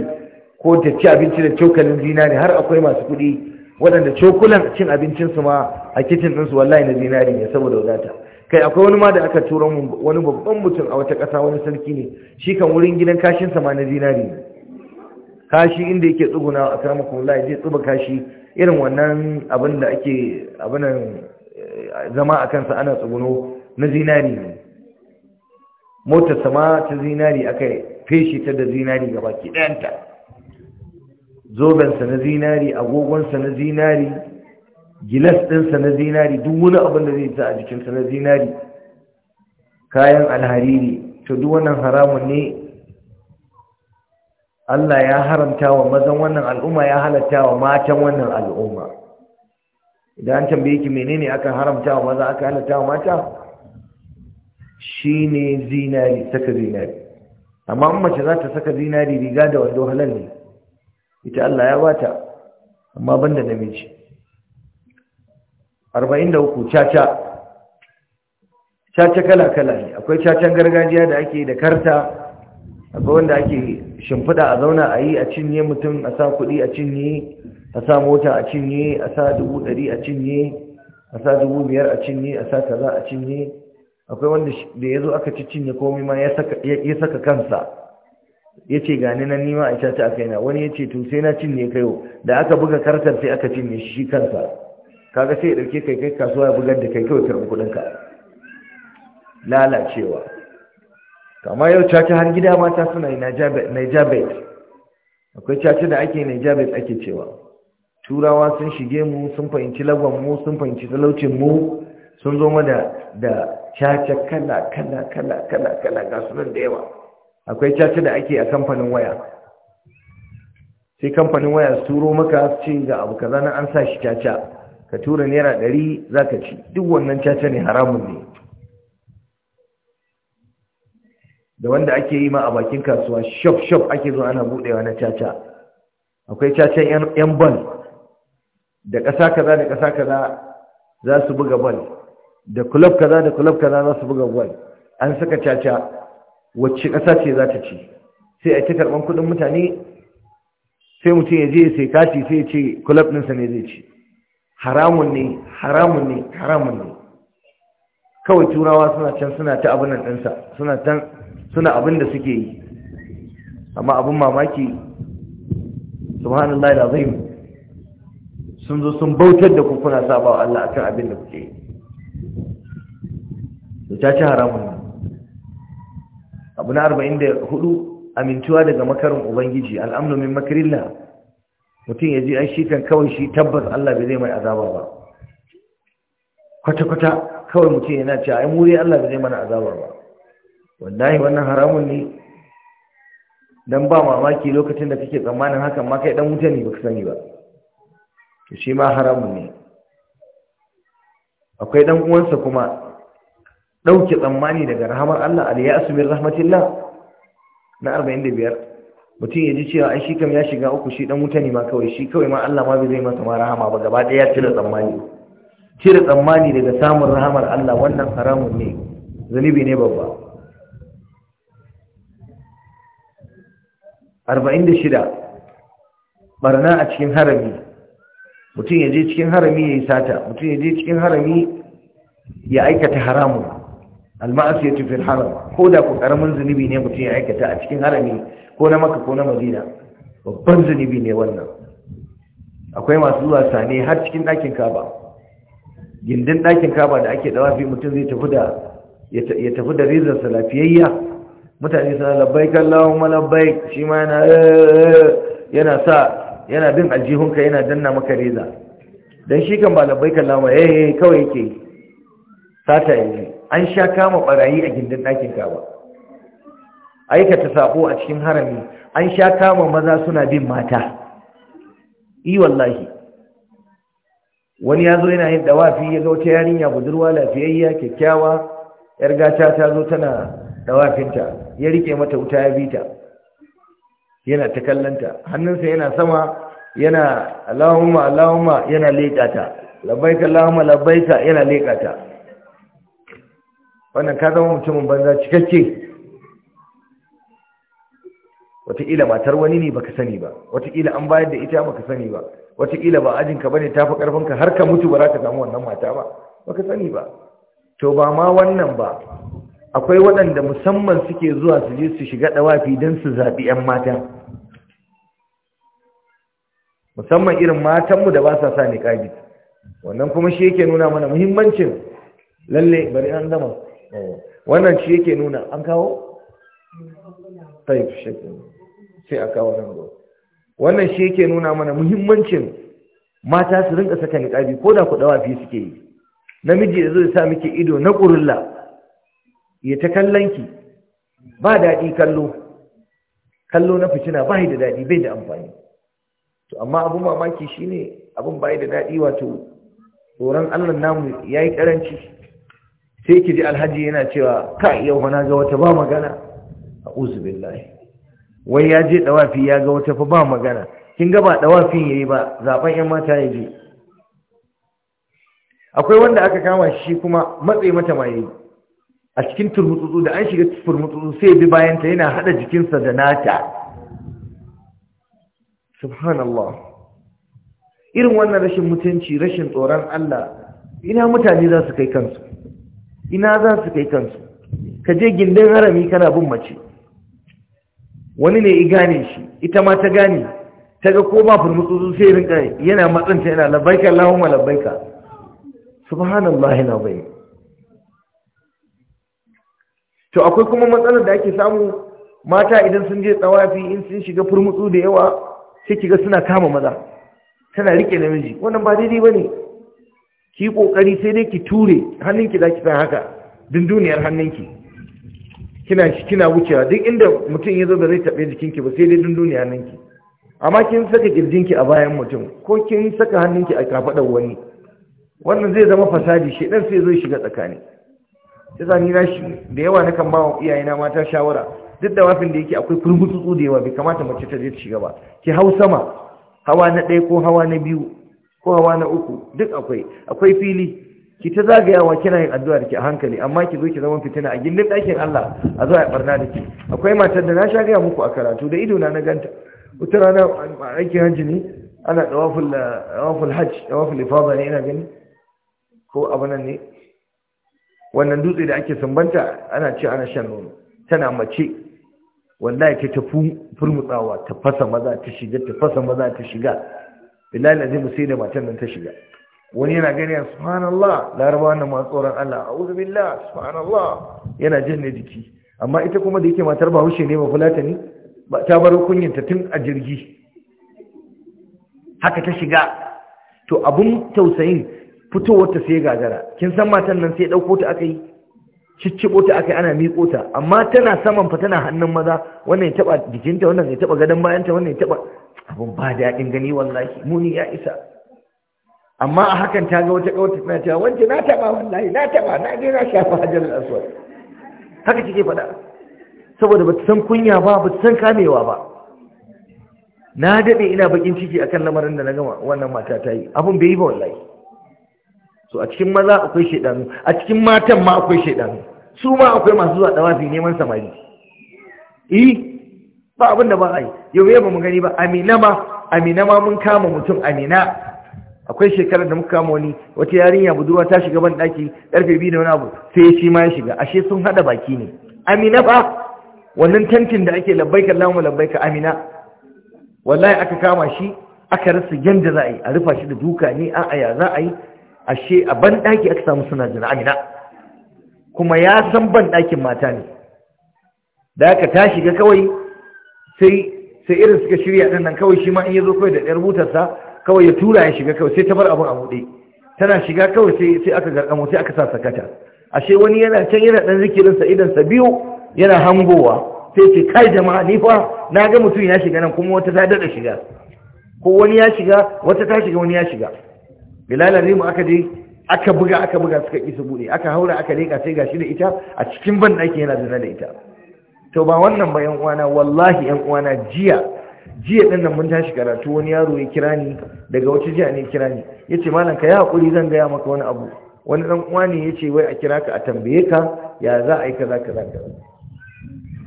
ko ta ci abinci da cokalin zinari har akwai masu kuɗi waɗanda cokulan cin abincinsu ma a kicin ɗinsu wallahi na zinari ne saboda wadata kai akwai wani ma da aka turo wani babban mutum a wata ƙasa wani sarki ne shi kan wurin gidan sa ma na zinari ne kashi inda yake tsuguna a karamakon wallahi zai tsuba kashi irin wannan abin da ake abinan eh, zama a kansa ana tsuguno na zinari ne motar sama ta zinari aka feshe ta da zinari ga baki ɗayanta zobensa na zinari agogonsa na zinari gilas ɗinsa na zinari duk wani abin da zai ta a jikinsa na zinari kayan alhariri to duk wannan haramun ne Allah ya haramta wa mazan wannan al'umma ya halatta wa matan wannan al'umma idan an tambaye ki menene aka haramta wa maza aka halatta wa mata Shi ne zinari saka zinari amma mace za ta saka zinari riga da wando halal ne ita Allah ya bata amma banda namiji 43 caca caca kala kala ne akwai cacan gargajiya da ake da karta akwai wanda ake shimfiɗa a zauna a yi a cinye mutum a sa kuɗi a cinye a sa mota a cinye a sa dubu ɗari a cinye a sa dubu biyar a cinye a sa kaza a cinye akwai wanda da ya zo aka ci cinye komai ma ya saka kansa ya ce gani nan nima a caca a kaina wani ya ce to sai na cinye kaiwo, da aka buga kartar sai aka cinye shi kansa kaga sai ya ɗauke kai kai kasuwa ya bugar da kai kawai karɓi kuɗinka lalacewa kama yau caca har gida mata suna yi nijabet akwai caca da ake nijabet ake cewa turawa sun shige mu sun fahimci lagwan mu sun fahimci talaucin mu sun zo da da caca kala kala kala kala kala ga nan da yawa akwai caca da ake a kamfanin waya sai kamfanin waya su turo maka su ce ga abu kaza na an sa shi caca ka tura naira ɗari za ka ci duk wannan caca ne haramun ne da wanda ake yi ma a bakin kasuwa shop shop ake zo ana buɗewa na caca akwai cacan yan bal da ƙasa kaza da ƙasa kaza za su buga bal da kulab kaza da kulab kaza za su buga gwal an saka caca wacce ƙasa ce za ta ci sai a ci karɓan kuɗin mutane sai mutum ya je ya sai kati sai ya ce kulab ɗinsa ne zai ci haramun ne haramun ne haramun ne kawai turawa suna can suna ta abin ɗinsa suna can suna abin da suke yi amma abin mamaki subhanallah da zai sun zo sun bautar da kuka sabawa Allah akan abin da kuke yi to ta ci haramun abu na arba'in da hudu amintuwa daga makarin ubangiji al'amnu min makarilla mutum ya ji an shi kan kawai shi tabbas Allah bai zai mai azaba ba kwata-kwata kawai mutum yana cewa ai muri Allah bai zai mana azaba ba wallahi wannan haramun ne dan ba mamaki lokacin da kake tsammanin hakan ma kai dan wuta ne baka sani ba to shi ma haramun ne akwai dan uwansa kuma ɗauke tsammani daga rahamar Allah ya ya'su rahmatin rahmatillah na 45 mutum ya ji cewa ai shi kam ya shiga uku shi ɗan wuta ne ma kawai shi kawai ma Allah ma bai zai masa ma rahama ba gaba ɗaya cire tsammani cire tsammani daga samun rahamar Allah wannan haramun ne zunubi ne babba 46 barna a cikin harami mutum ya je cikin harami ya yi sata mutum ya je cikin harami ya aikata haramun alma'asiyatu fil haram ko da ku karamin zunubi ne mutum ya aikata a cikin harami ko na maka ko na madina babban zunubi ne wannan akwai masu zuwa sane har cikin ɗakin kaba gindin ɗakin kaba da ake dawafi mutum zai tafi da ya tafi da rizarsa lafiyayya mutane suna labbaik Allahumma labbaik shi ma yana eh, yana sa yana bin aljihunka yana danna maka reza dan shi kan ba labbaik Allahumma eh, eh kawai yake sata yake an sha kama barayi a gindin ɗakin kaba aikata sako a cikin harami an sha kama maza suna bin mata yi wallahi wani ya zo yana yin dawafi ya zauta wata yarinya budurwa lafiyayya kyakkyawa yar gata ta zo tana dawafinta ya rike mata wuta ya bita yana ta kallanta hannunsa yana sama yana alawuma alawuma yana leƙata labbaika alawuma labbaika yana leƙata wannan ka zama mutumin banza cikakke wataƙila matar wani ne baka sani ba wataƙila an bayar da ita baka sani ba wataƙila ba ajinka bane ta fi ƙarfinka har ka mutu ba za ka samu wannan mata ba baka sani ba to ba ma wannan ba akwai waɗanda musamman suke zuwa su je su shiga ɗawafi don su zaɓi 'yan mata musamman irin matanmu da ba sa sa niƙabi wannan kuma shi yake nuna mana muhimmancin lalle bari an zama wannan shi yake nuna an kawo? taif shakin sai a kawo nan ba wannan shi yake nuna mana muhimmancin mata su rinka saka niƙabi ko da ku ɗawa fi suke yi namiji da ya sa miki ido na ƙurulla, ya ta ki. ba daɗi kallo kallo na fitina ba da daɗi, bai da amfani to amma abin mamaki shi ne abin ba da daɗi wato tsoron Allah namu ya yi ƙaranci. sai ki ji alhaji yana cewa kai yau fa na ga wata ba magana a'udhu billahi wai ya je dawafi ya ga wata fa ba magana kin ga ba dawafin yayi ba zaben yan mata ya je akwai wanda aka kama shi kuma matsayi mata maye. a cikin turmutsutsu da an shiga turmutsutsu sai bi bayan ta yana hada jikinsa da nata subhanallah irin wannan rashin mutunci rashin tsoron Allah ina mutane za su kai kansu ina za su kai kansu ka je gindin harami kana bin mace wani ne i gane shi ita ma ta gane ta ga ko ba furmutsu sai rinka yana matsanta yana labbaika ma labbaika subhanallahi na bai to akwai kuma matsalar da ake samu mata idan sun je tsawafi in sun shiga furmutsu da yawa sai kiga suna kama maza tana rike namiji wannan ba daidai bane ki kokari sai dai ki ture hannunki za ki san haka dunduniyar hannunki kina shi kina wucewa duk inda mutum ya zo da zai taɓe jikinki ba sai dai dunduniyar hannunki amma kin saka kirjinki a bayan mutum ko kin saka hannunki a kafaɗar wani wannan zai zama fasadi shi ɗan sai zo shiga tsakani yasa ni shi da yawa nakan kan bawa iyayena mata shawara duk da wafin da yake akwai kurgutsu da yawa bai kamata mace ta je ta shiga ba ki hau sama hawa na ɗaya ko hawa na biyu ko hawa na uku duk akwai akwai fili ki ta zagayawa kina yin addu'a da ke a hankali amma ki zo ki zama fitina a gindin ɗakin Allah a zo a barna da ke akwai matar da na sha gaya muku a karatu da ido na ganta wata rana aikin hajji ne ana ɗawaful eh, hajji ɗawaful ifaba ne ina gani ko abu nan ne wannan dutse da ake sumbanta ana ce ana shan nono tana mace wallahi ta tafi furmutsawa ta fasa maza ta shiga ta fasa maza ta shiga billahi mu sai da matan nan ta shiga wani yana gani subhanallah laraba wannan ma tsoron Allah a'udhu billah subhanallah yana ne jiki amma ita kuma da yake matar bahaushe ne ba fulatani ba ta bar ta tun a jirgi haka ta shiga to abun tausayin fitowar ta sai gagara kin san matan nan sai dauko ta akai ciccibo ta akai ana miƙo ta amma tana saman fa tana hannun maza wannan ya taba jikinta wannan ya taba gadon bayanta wannan ya taba abun ba daɗin gani wallahi muni ya isa amma a hakan ta ga wata kawata tana cewa wancan na taɓa wallahi na taɓa na je na shafa hajar aswad haka kike faɗa saboda ba ta san kunya ba ba ta san kamewa ba na daɗe ina bakin ciki akan lamarin da na gama wannan mata ta yi abun bai yi ba wallahi so a cikin maza akwai shaidanu a cikin matan ma akwai shaidanu su ma akwai masu zuwa dawafi neman samari eh ba abin da ba a yi yau yau ba mu gani ba amina ma amina ma mun kama mutum amina akwai shekarar da muka kama wani wata yarinya budurwa ta shiga ban daki karfe biyu da wani abu sai shi ma ya shiga ashe sun hada baki ne amina ba wannan tantin da ake labbaika Allahumma labbaika amina wallahi aka kama shi aka rasa yanda za a yi a rufa shi da duka ne a aya za a yi ashe a ban daki aka samu suna jira amina kuma ya san ban dakin mata ne da aka ta shiga kawai sai sai irin suka shirya ɗin nan kawai shi ma in ya zo kawai da ɗan rubutarsa kawai ya tura ya shiga kawai sai ta bar abin a buɗe tana shiga kawai sai sai aka gargamo sai aka sa sakata ashe wani yana can yana ɗan idan sa biyu yana hangowa sai ce kai jama'a ni fa na ga mutum ya shiga nan kuma wata ta daɗa shiga ko wani ya shiga wata ta shiga wani ya shiga bilal rimu aka je aka buga aka buga suka ƙi buɗe aka haura aka leka sai gashi da ita a cikin ban ɗaki yana zina da ita to ba wannan ba yan uwana wallahi yan uwana jiya jiya din nan mun tashi karatu wani yaro ya kira ni daga wace jiya ne kira ni yace malam ka yi hakuri zan gaya maka wani abu wani dan uwa ne yace wai a kira ka a tambaye ka ya za a yi kaza kaza Na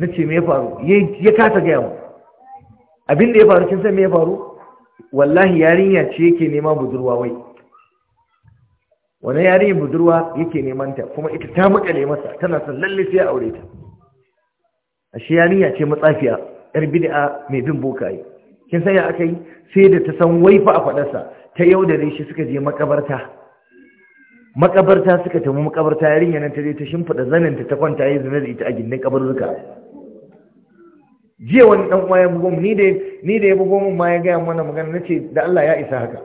nace me ya faru ya kasa gaya mu abin da ya faru kin san me ya faru wallahi yarinya ce yake nema budurwa wai wani yarinya budurwa yake neman ta kuma ita ta makale masa tana son lalle sai ya aure ta ashe yarinya ce matsafiya yar bid'a mai bin bokaye kin sai ya aka yi sai da ta san waifa a faɗarsa ta yaudare shi suka je makabarta makabarta suka tafi makabarta yarinya nan ta je ta shimfiɗa zaninta ta kwanta yi zina da ita a gindin kabarzuka jiya wani dan uwa ya bugo ni da ni da ya bugo mun ma ya gaya mana magana nace da Allah ya isa haka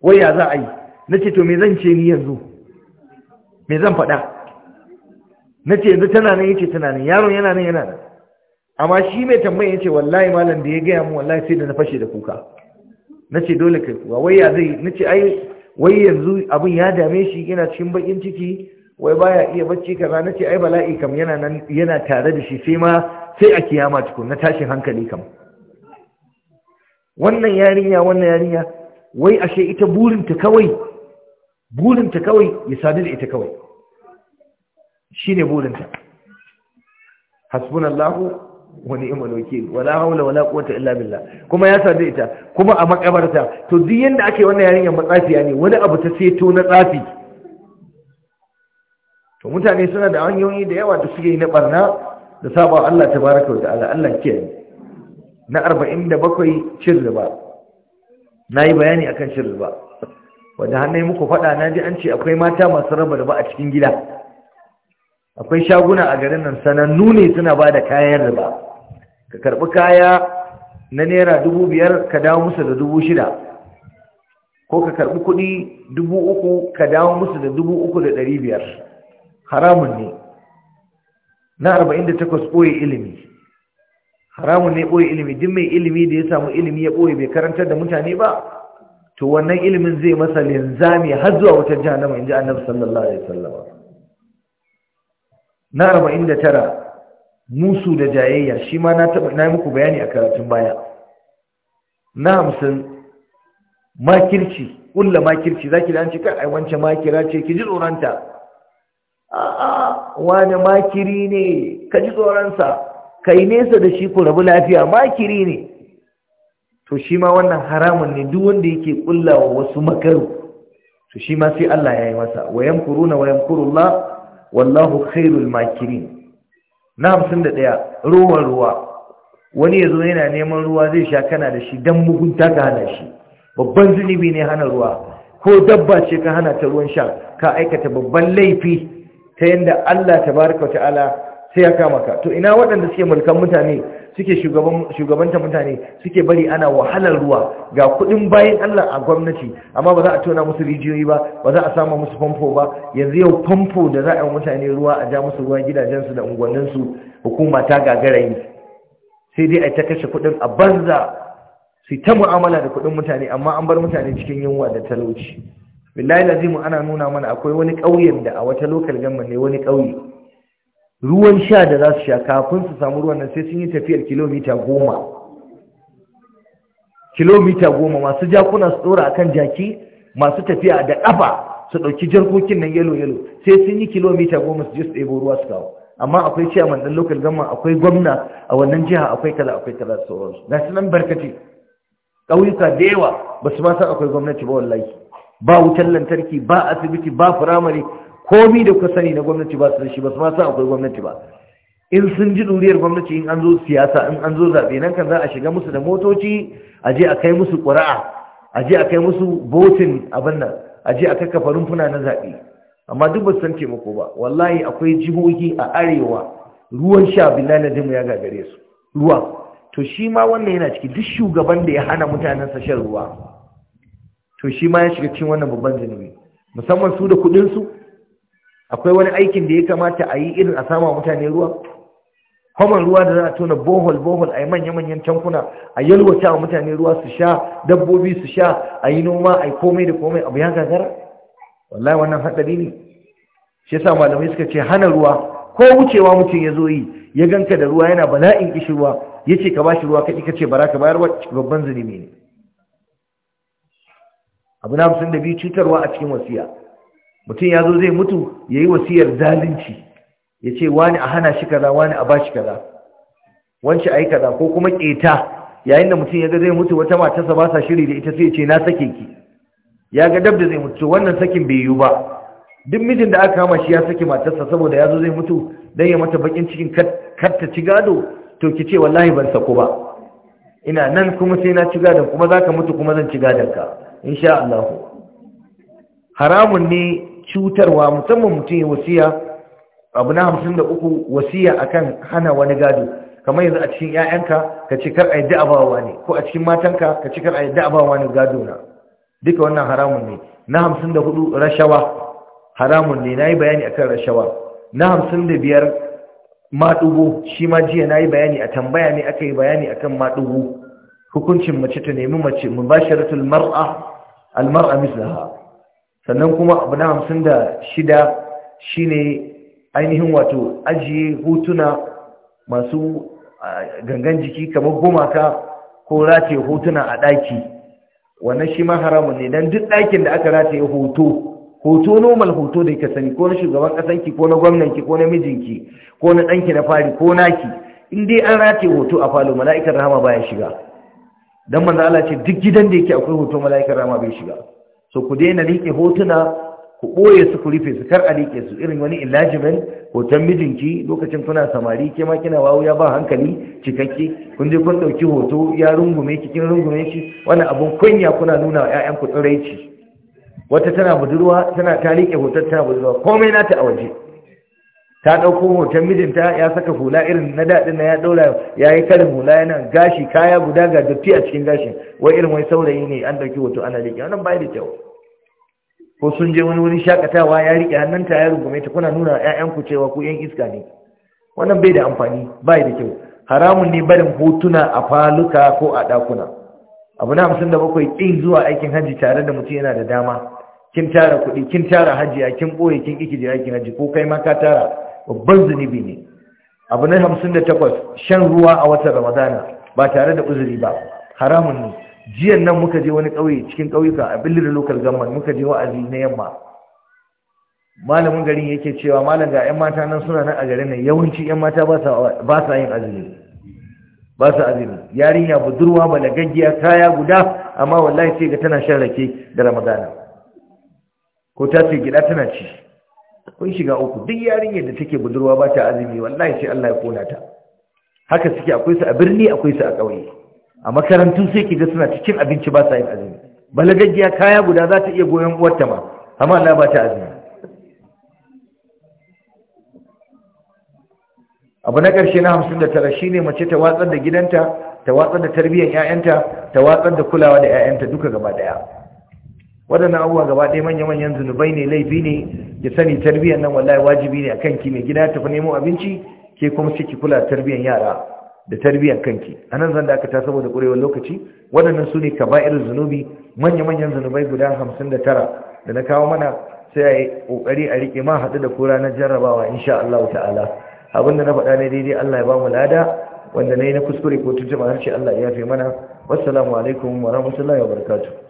wai ya za a yi nace to me zan ce ni yanzu me zan faɗa na ce yanzu tana nan yace tana nan yaron yana nan yana nan amma shi mai tambaya yace wallahi malam da ya gaya mu wallahi sai da na fashe da kuka na ce dole ka kuwa wai ya zai na ce ai wai yanzu abin ya dame shi yana cikin bakin ciki wai baya iya bacci kaza na ce ai bala'i kam yana nan yana tare da shi sai ma sai a kiyama tukun na tashin hankali kam wannan yarinya wannan yarinya wai ashe ita burinta kawai burinta kawai ya sadu da ita kawai shi ne burinta hasbunallahu wa ni'mal wakeel wala hawla wala quwwata illa billah kuma ya sadu ita kuma a makabarta to duk yanda ake wannan yarinyar matsafiya ne wani abu ta seto na tsafi to mutane suna da hanyoyi da yawa da suke yi na barna da saba Allah tabaraka wa ta'ala Allah ke na 47 cin nayi bayani akan cin wanda hannai muku fada naji an ce akwai mata masu raba da ba a cikin gida akwai shaguna a garin nan sanannu ne suna ba da kayan riba ka karɓi kaya na naira dubu biyar ka dawo musu da dubu shida ko ka karɓi kuɗi dubu uku ka dawo musu da dubu uku da ɗari biyar haramun ne na arba'in da takwas ɓoye ilimi haramun ne ɓoye ilimi duk mai ilimi da ya samu ilimi ya ɓoye bai karantar da mutane ba to wannan ilimin zai masa linzami har zuwa wata nama in ji annabi sallallahu alaihi wasallam na arba'in da tara musu da jayayya shi ma na yi muku bayani a karatun baya na hamsin makirci kulla makirci zaki ki da an ce kai wancan makira ce ki ji tsoronta a'a wani makiri ne ka ji tsoronsa kai nesa da shi ku rabu lafiya makiri ne to shi ma wannan haramun ne duk wanda yake kullawa wasu makaru to shi ma sai Allah ya yi masa wayan kuruna wayan kurullah wallahu khairul makirin na hamsin da ɗaya Ruwan ruwa wani ya zo yana neman ruwa zai sha kana da shi don mugunta ka hana shi babban zunubi ne hana ruwa ko dabba ce ka hana ta ruwan sha ka aikata babban laifi ta yanda Allah tabaraka ta'ala sai ya kama ka to ina waɗanda suke mulkan mutane suke shugabanta mutane suke bari ana wahalar ruwa ga kuɗin bayan Allah a gwamnati amma ba za a tona musu rijiyoyi ba ba za a sama musu famfo ba yanzu yau famfo da za a yi mutane ruwa a ja musu ruwa gidajensu da unguwanninsu hukuma ta gagara sai dai a ta kashe kuɗin a banza su ta mu'amala da kuɗin mutane amma an bar mutane cikin yunwa da talauci billahi lazimu ana nuna mana akwai wani ƙauyen da a wata lokal gamma ne wani ƙauye ruwan sha da za su sha kafin su samu ruwan nan sai sun yi tafiyar kilomita goma kilomita goma masu jakuna su ɗora akan jaki masu tafiya da ƙafa su ɗauki jarkokin nan yalo yalo sai sun yi kilomita goma su je su ɗebo ruwa su kawo amma akwai ciyaman ɗan lokal gama akwai gwamna a wannan jiha akwai kala akwai kala da sauransu Na su nan barkati ƙauyuka da yawa ba su ma san akwai gwamnati ba wallahi ba wutar lantarki ba asibiti ba firamare komi da kuka sani na gwamnati ba su da shi ba su ma san akwai gwamnati ba in sun ji duriyar gwamnati in an zo siyasa in an zo zaɓe nan kan za a shiga musu da motoci a je a kai musu ƙura'a a je a kai musu botin abin nan a je a kakkafa rumfuna na zaɓe amma duk ba su san taimako ba wallahi akwai jihohi a arewa ruwan sha billahi na ya gagare su ruwa to shi ma wannan yana ciki duk shugaban da ya hana mutanen sa shan ruwa to shi ma ya shiga cikin wannan babban zanubi musamman su da kuɗinsu akwai wani aikin da ya kamata a yi irin a sama mutane ruwa Kwaman ruwa da za a tona bohol bohol a yi manya-manyan tankuna a yalwata wa mutane ruwa su sha dabbobi su sha a yi noma a yi komai da komai abu ya gagara wallahi wannan haɗari ne shi yasa malamai suka ce hana ruwa ko wucewa mutum ya zo yi ya ganka da ruwa yana bala'in kishirwa ya ce ka ba shi ruwa kaɗi ka ce bara ka bayar babban zunubi ne abu na musamman da biyu cutarwa a cikin wasiya mutum ya zo zai mutu ya yi wasiyar zalunci ya ce wani a hana shi kaza wani a ba shi kaza wance a yi kaza ko kuma keta yayin da mutum ya ga zai mutu wata matarsa ba sa shiri da ita sai ce na sake ki ya ga dab da zai mutu wannan sakin bai yiwu ba duk mijin da aka kama shi ya sake matarsa saboda ya zo zai mutu dan ya mata bakin cikin kar ta ci gado to ki ce wallahi ban sako ba ina nan kuma sai na ci gadon kuma ka mutu kuma zan ci gadon ka insha Allah haramun ne cutarwa musamman mutum ya wasiya abu na hamsin da uku wasiya akan hana wani gado kamar yanzu a cikin 'ya'yanka ka ci kar a yadda abawa ne ko a cikin matanka ka ci kar a yadda abawa ne gado na duka wannan haramun ne na hamsin da hudu rashawa haramun ne na yi bayani akan rashawa na hamsin da biyar maɗugo shi ma jiya na yi bayani a tambaya ne aka yi bayani akan maɗugo hukuncin mace ta nemi mace mubasharatul mar'a al mar'a mislaha sannan kuma abu na hamsin da shida shine ainihin wato ajiye hotuna masu gangan jiki kamar gumaka ko rataye hotuna a ɗaki wannan shi ma haramun ne don duk ɗakin da aka rataye hoto hoto normal hoto da ka sani ko na shugaban ƙasanki ko na gwamnanki ko na mijinki ko na ɗanki na fari ko naki in dai an rataye hoto a falo mala'ikar rahama baya shiga don manzo ce duk gidan da yake akwai hoto mala'ikar rahama bai shiga so ku daina rike hotuna ku ɓoye su ku rufe su kar a rike su irin wani illajimin hoton mijinki lokacin kuna samari ke ma kina wawo ya ba hankali cikakke kun je kun ɗauki hoto ya rungume ki kin rungume shi wani abun kunya kuna nuna wa 'ya'yanku tsiraici wata tana budurwa tana ta rike hoton tana budurwa komai nata a waje ta ɗauko hoton mijinta ya saka hula irin na daɗin na ya ɗaura ya yi karin hula yana gashi kaya guda ga datti a cikin gashi, wai irin wai saurayi ne an ɗauki hoto ana riƙe wannan bai da kyau ko sun je wani wurin shakatawa ya riƙe hannunta ya rungume ta kuna nuna ƴaƴanku cewa ku ƴan iska ne wannan bai da amfani bai da kyau haramun ne barin hotuna a faluka ko a ɗakuna abu na hamsin da bakwai ƙin zuwa aikin hajji tare da mutum yana da dama kin tara kuɗi kin tara hajjiya kin ɓoye kin ƙi ki je aikin hajji ko kai ma ka tara babban zunubi ne abu na hamsin da takwas shan ruwa a watan ramadana ba tare da uzuri ba haramun ne jiyan nan muka je wani ƙauye cikin ƙauyuka a billir local government muka je wa'azi na yamma malamin garin yake cewa malam ga 'yan mata nan suna nan a garin nan yawanci 'yan mata ba sa yin azumi ba sa azumi yarinya budurwa balagaggiya kaya guda amma wallahi ce ga tana shan rake da ramadana ko ta ce gida tana ci kun shiga uku duk yarinyar da take budurwa ba ta azumi wallahi sai Allah ya kona ta haka suke akwai su a birni akwai su a ƙauye a makarantu, sai ga suna cikin abinci ba sa yin azumi balagaggiya kaya guda za ta iya goyon uwarta ma amma Allah ba ta azumi abu na ƙarshe na hamsin da tara shine mace ta watsar da gidanta ta watsar da tarbiyyar 'ya'yanta ta watsar da kulawa da 'ya'yanta duka gaba ɗaya waɗannan abubuwa gaba ɗaya manya-manyan zunubai ne laifi ne ya sani tarbiyyar nan wallahi wajibi ne a kanki mai gida tafi nemo abinci ke kuma ki kula tarbiyyar yara da tarbiyyar kanki a nan zan dakata saboda ƙurewar lokaci waɗannan su ne kaba'ir zunubi manya-manyan zunubai guda hamsin da tara da na kawo mana sai a yi ƙoƙari a riƙe ma haɗu da kura na jarrabawa insha Allah ta'ala abinda na faɗa ne daidai Allah ya ba mu lada wanda na yi na kuskure ko tuntuɓa harshe Allah ya fi mana wassalamu alaikum wa rahmatullahi wa barakatuh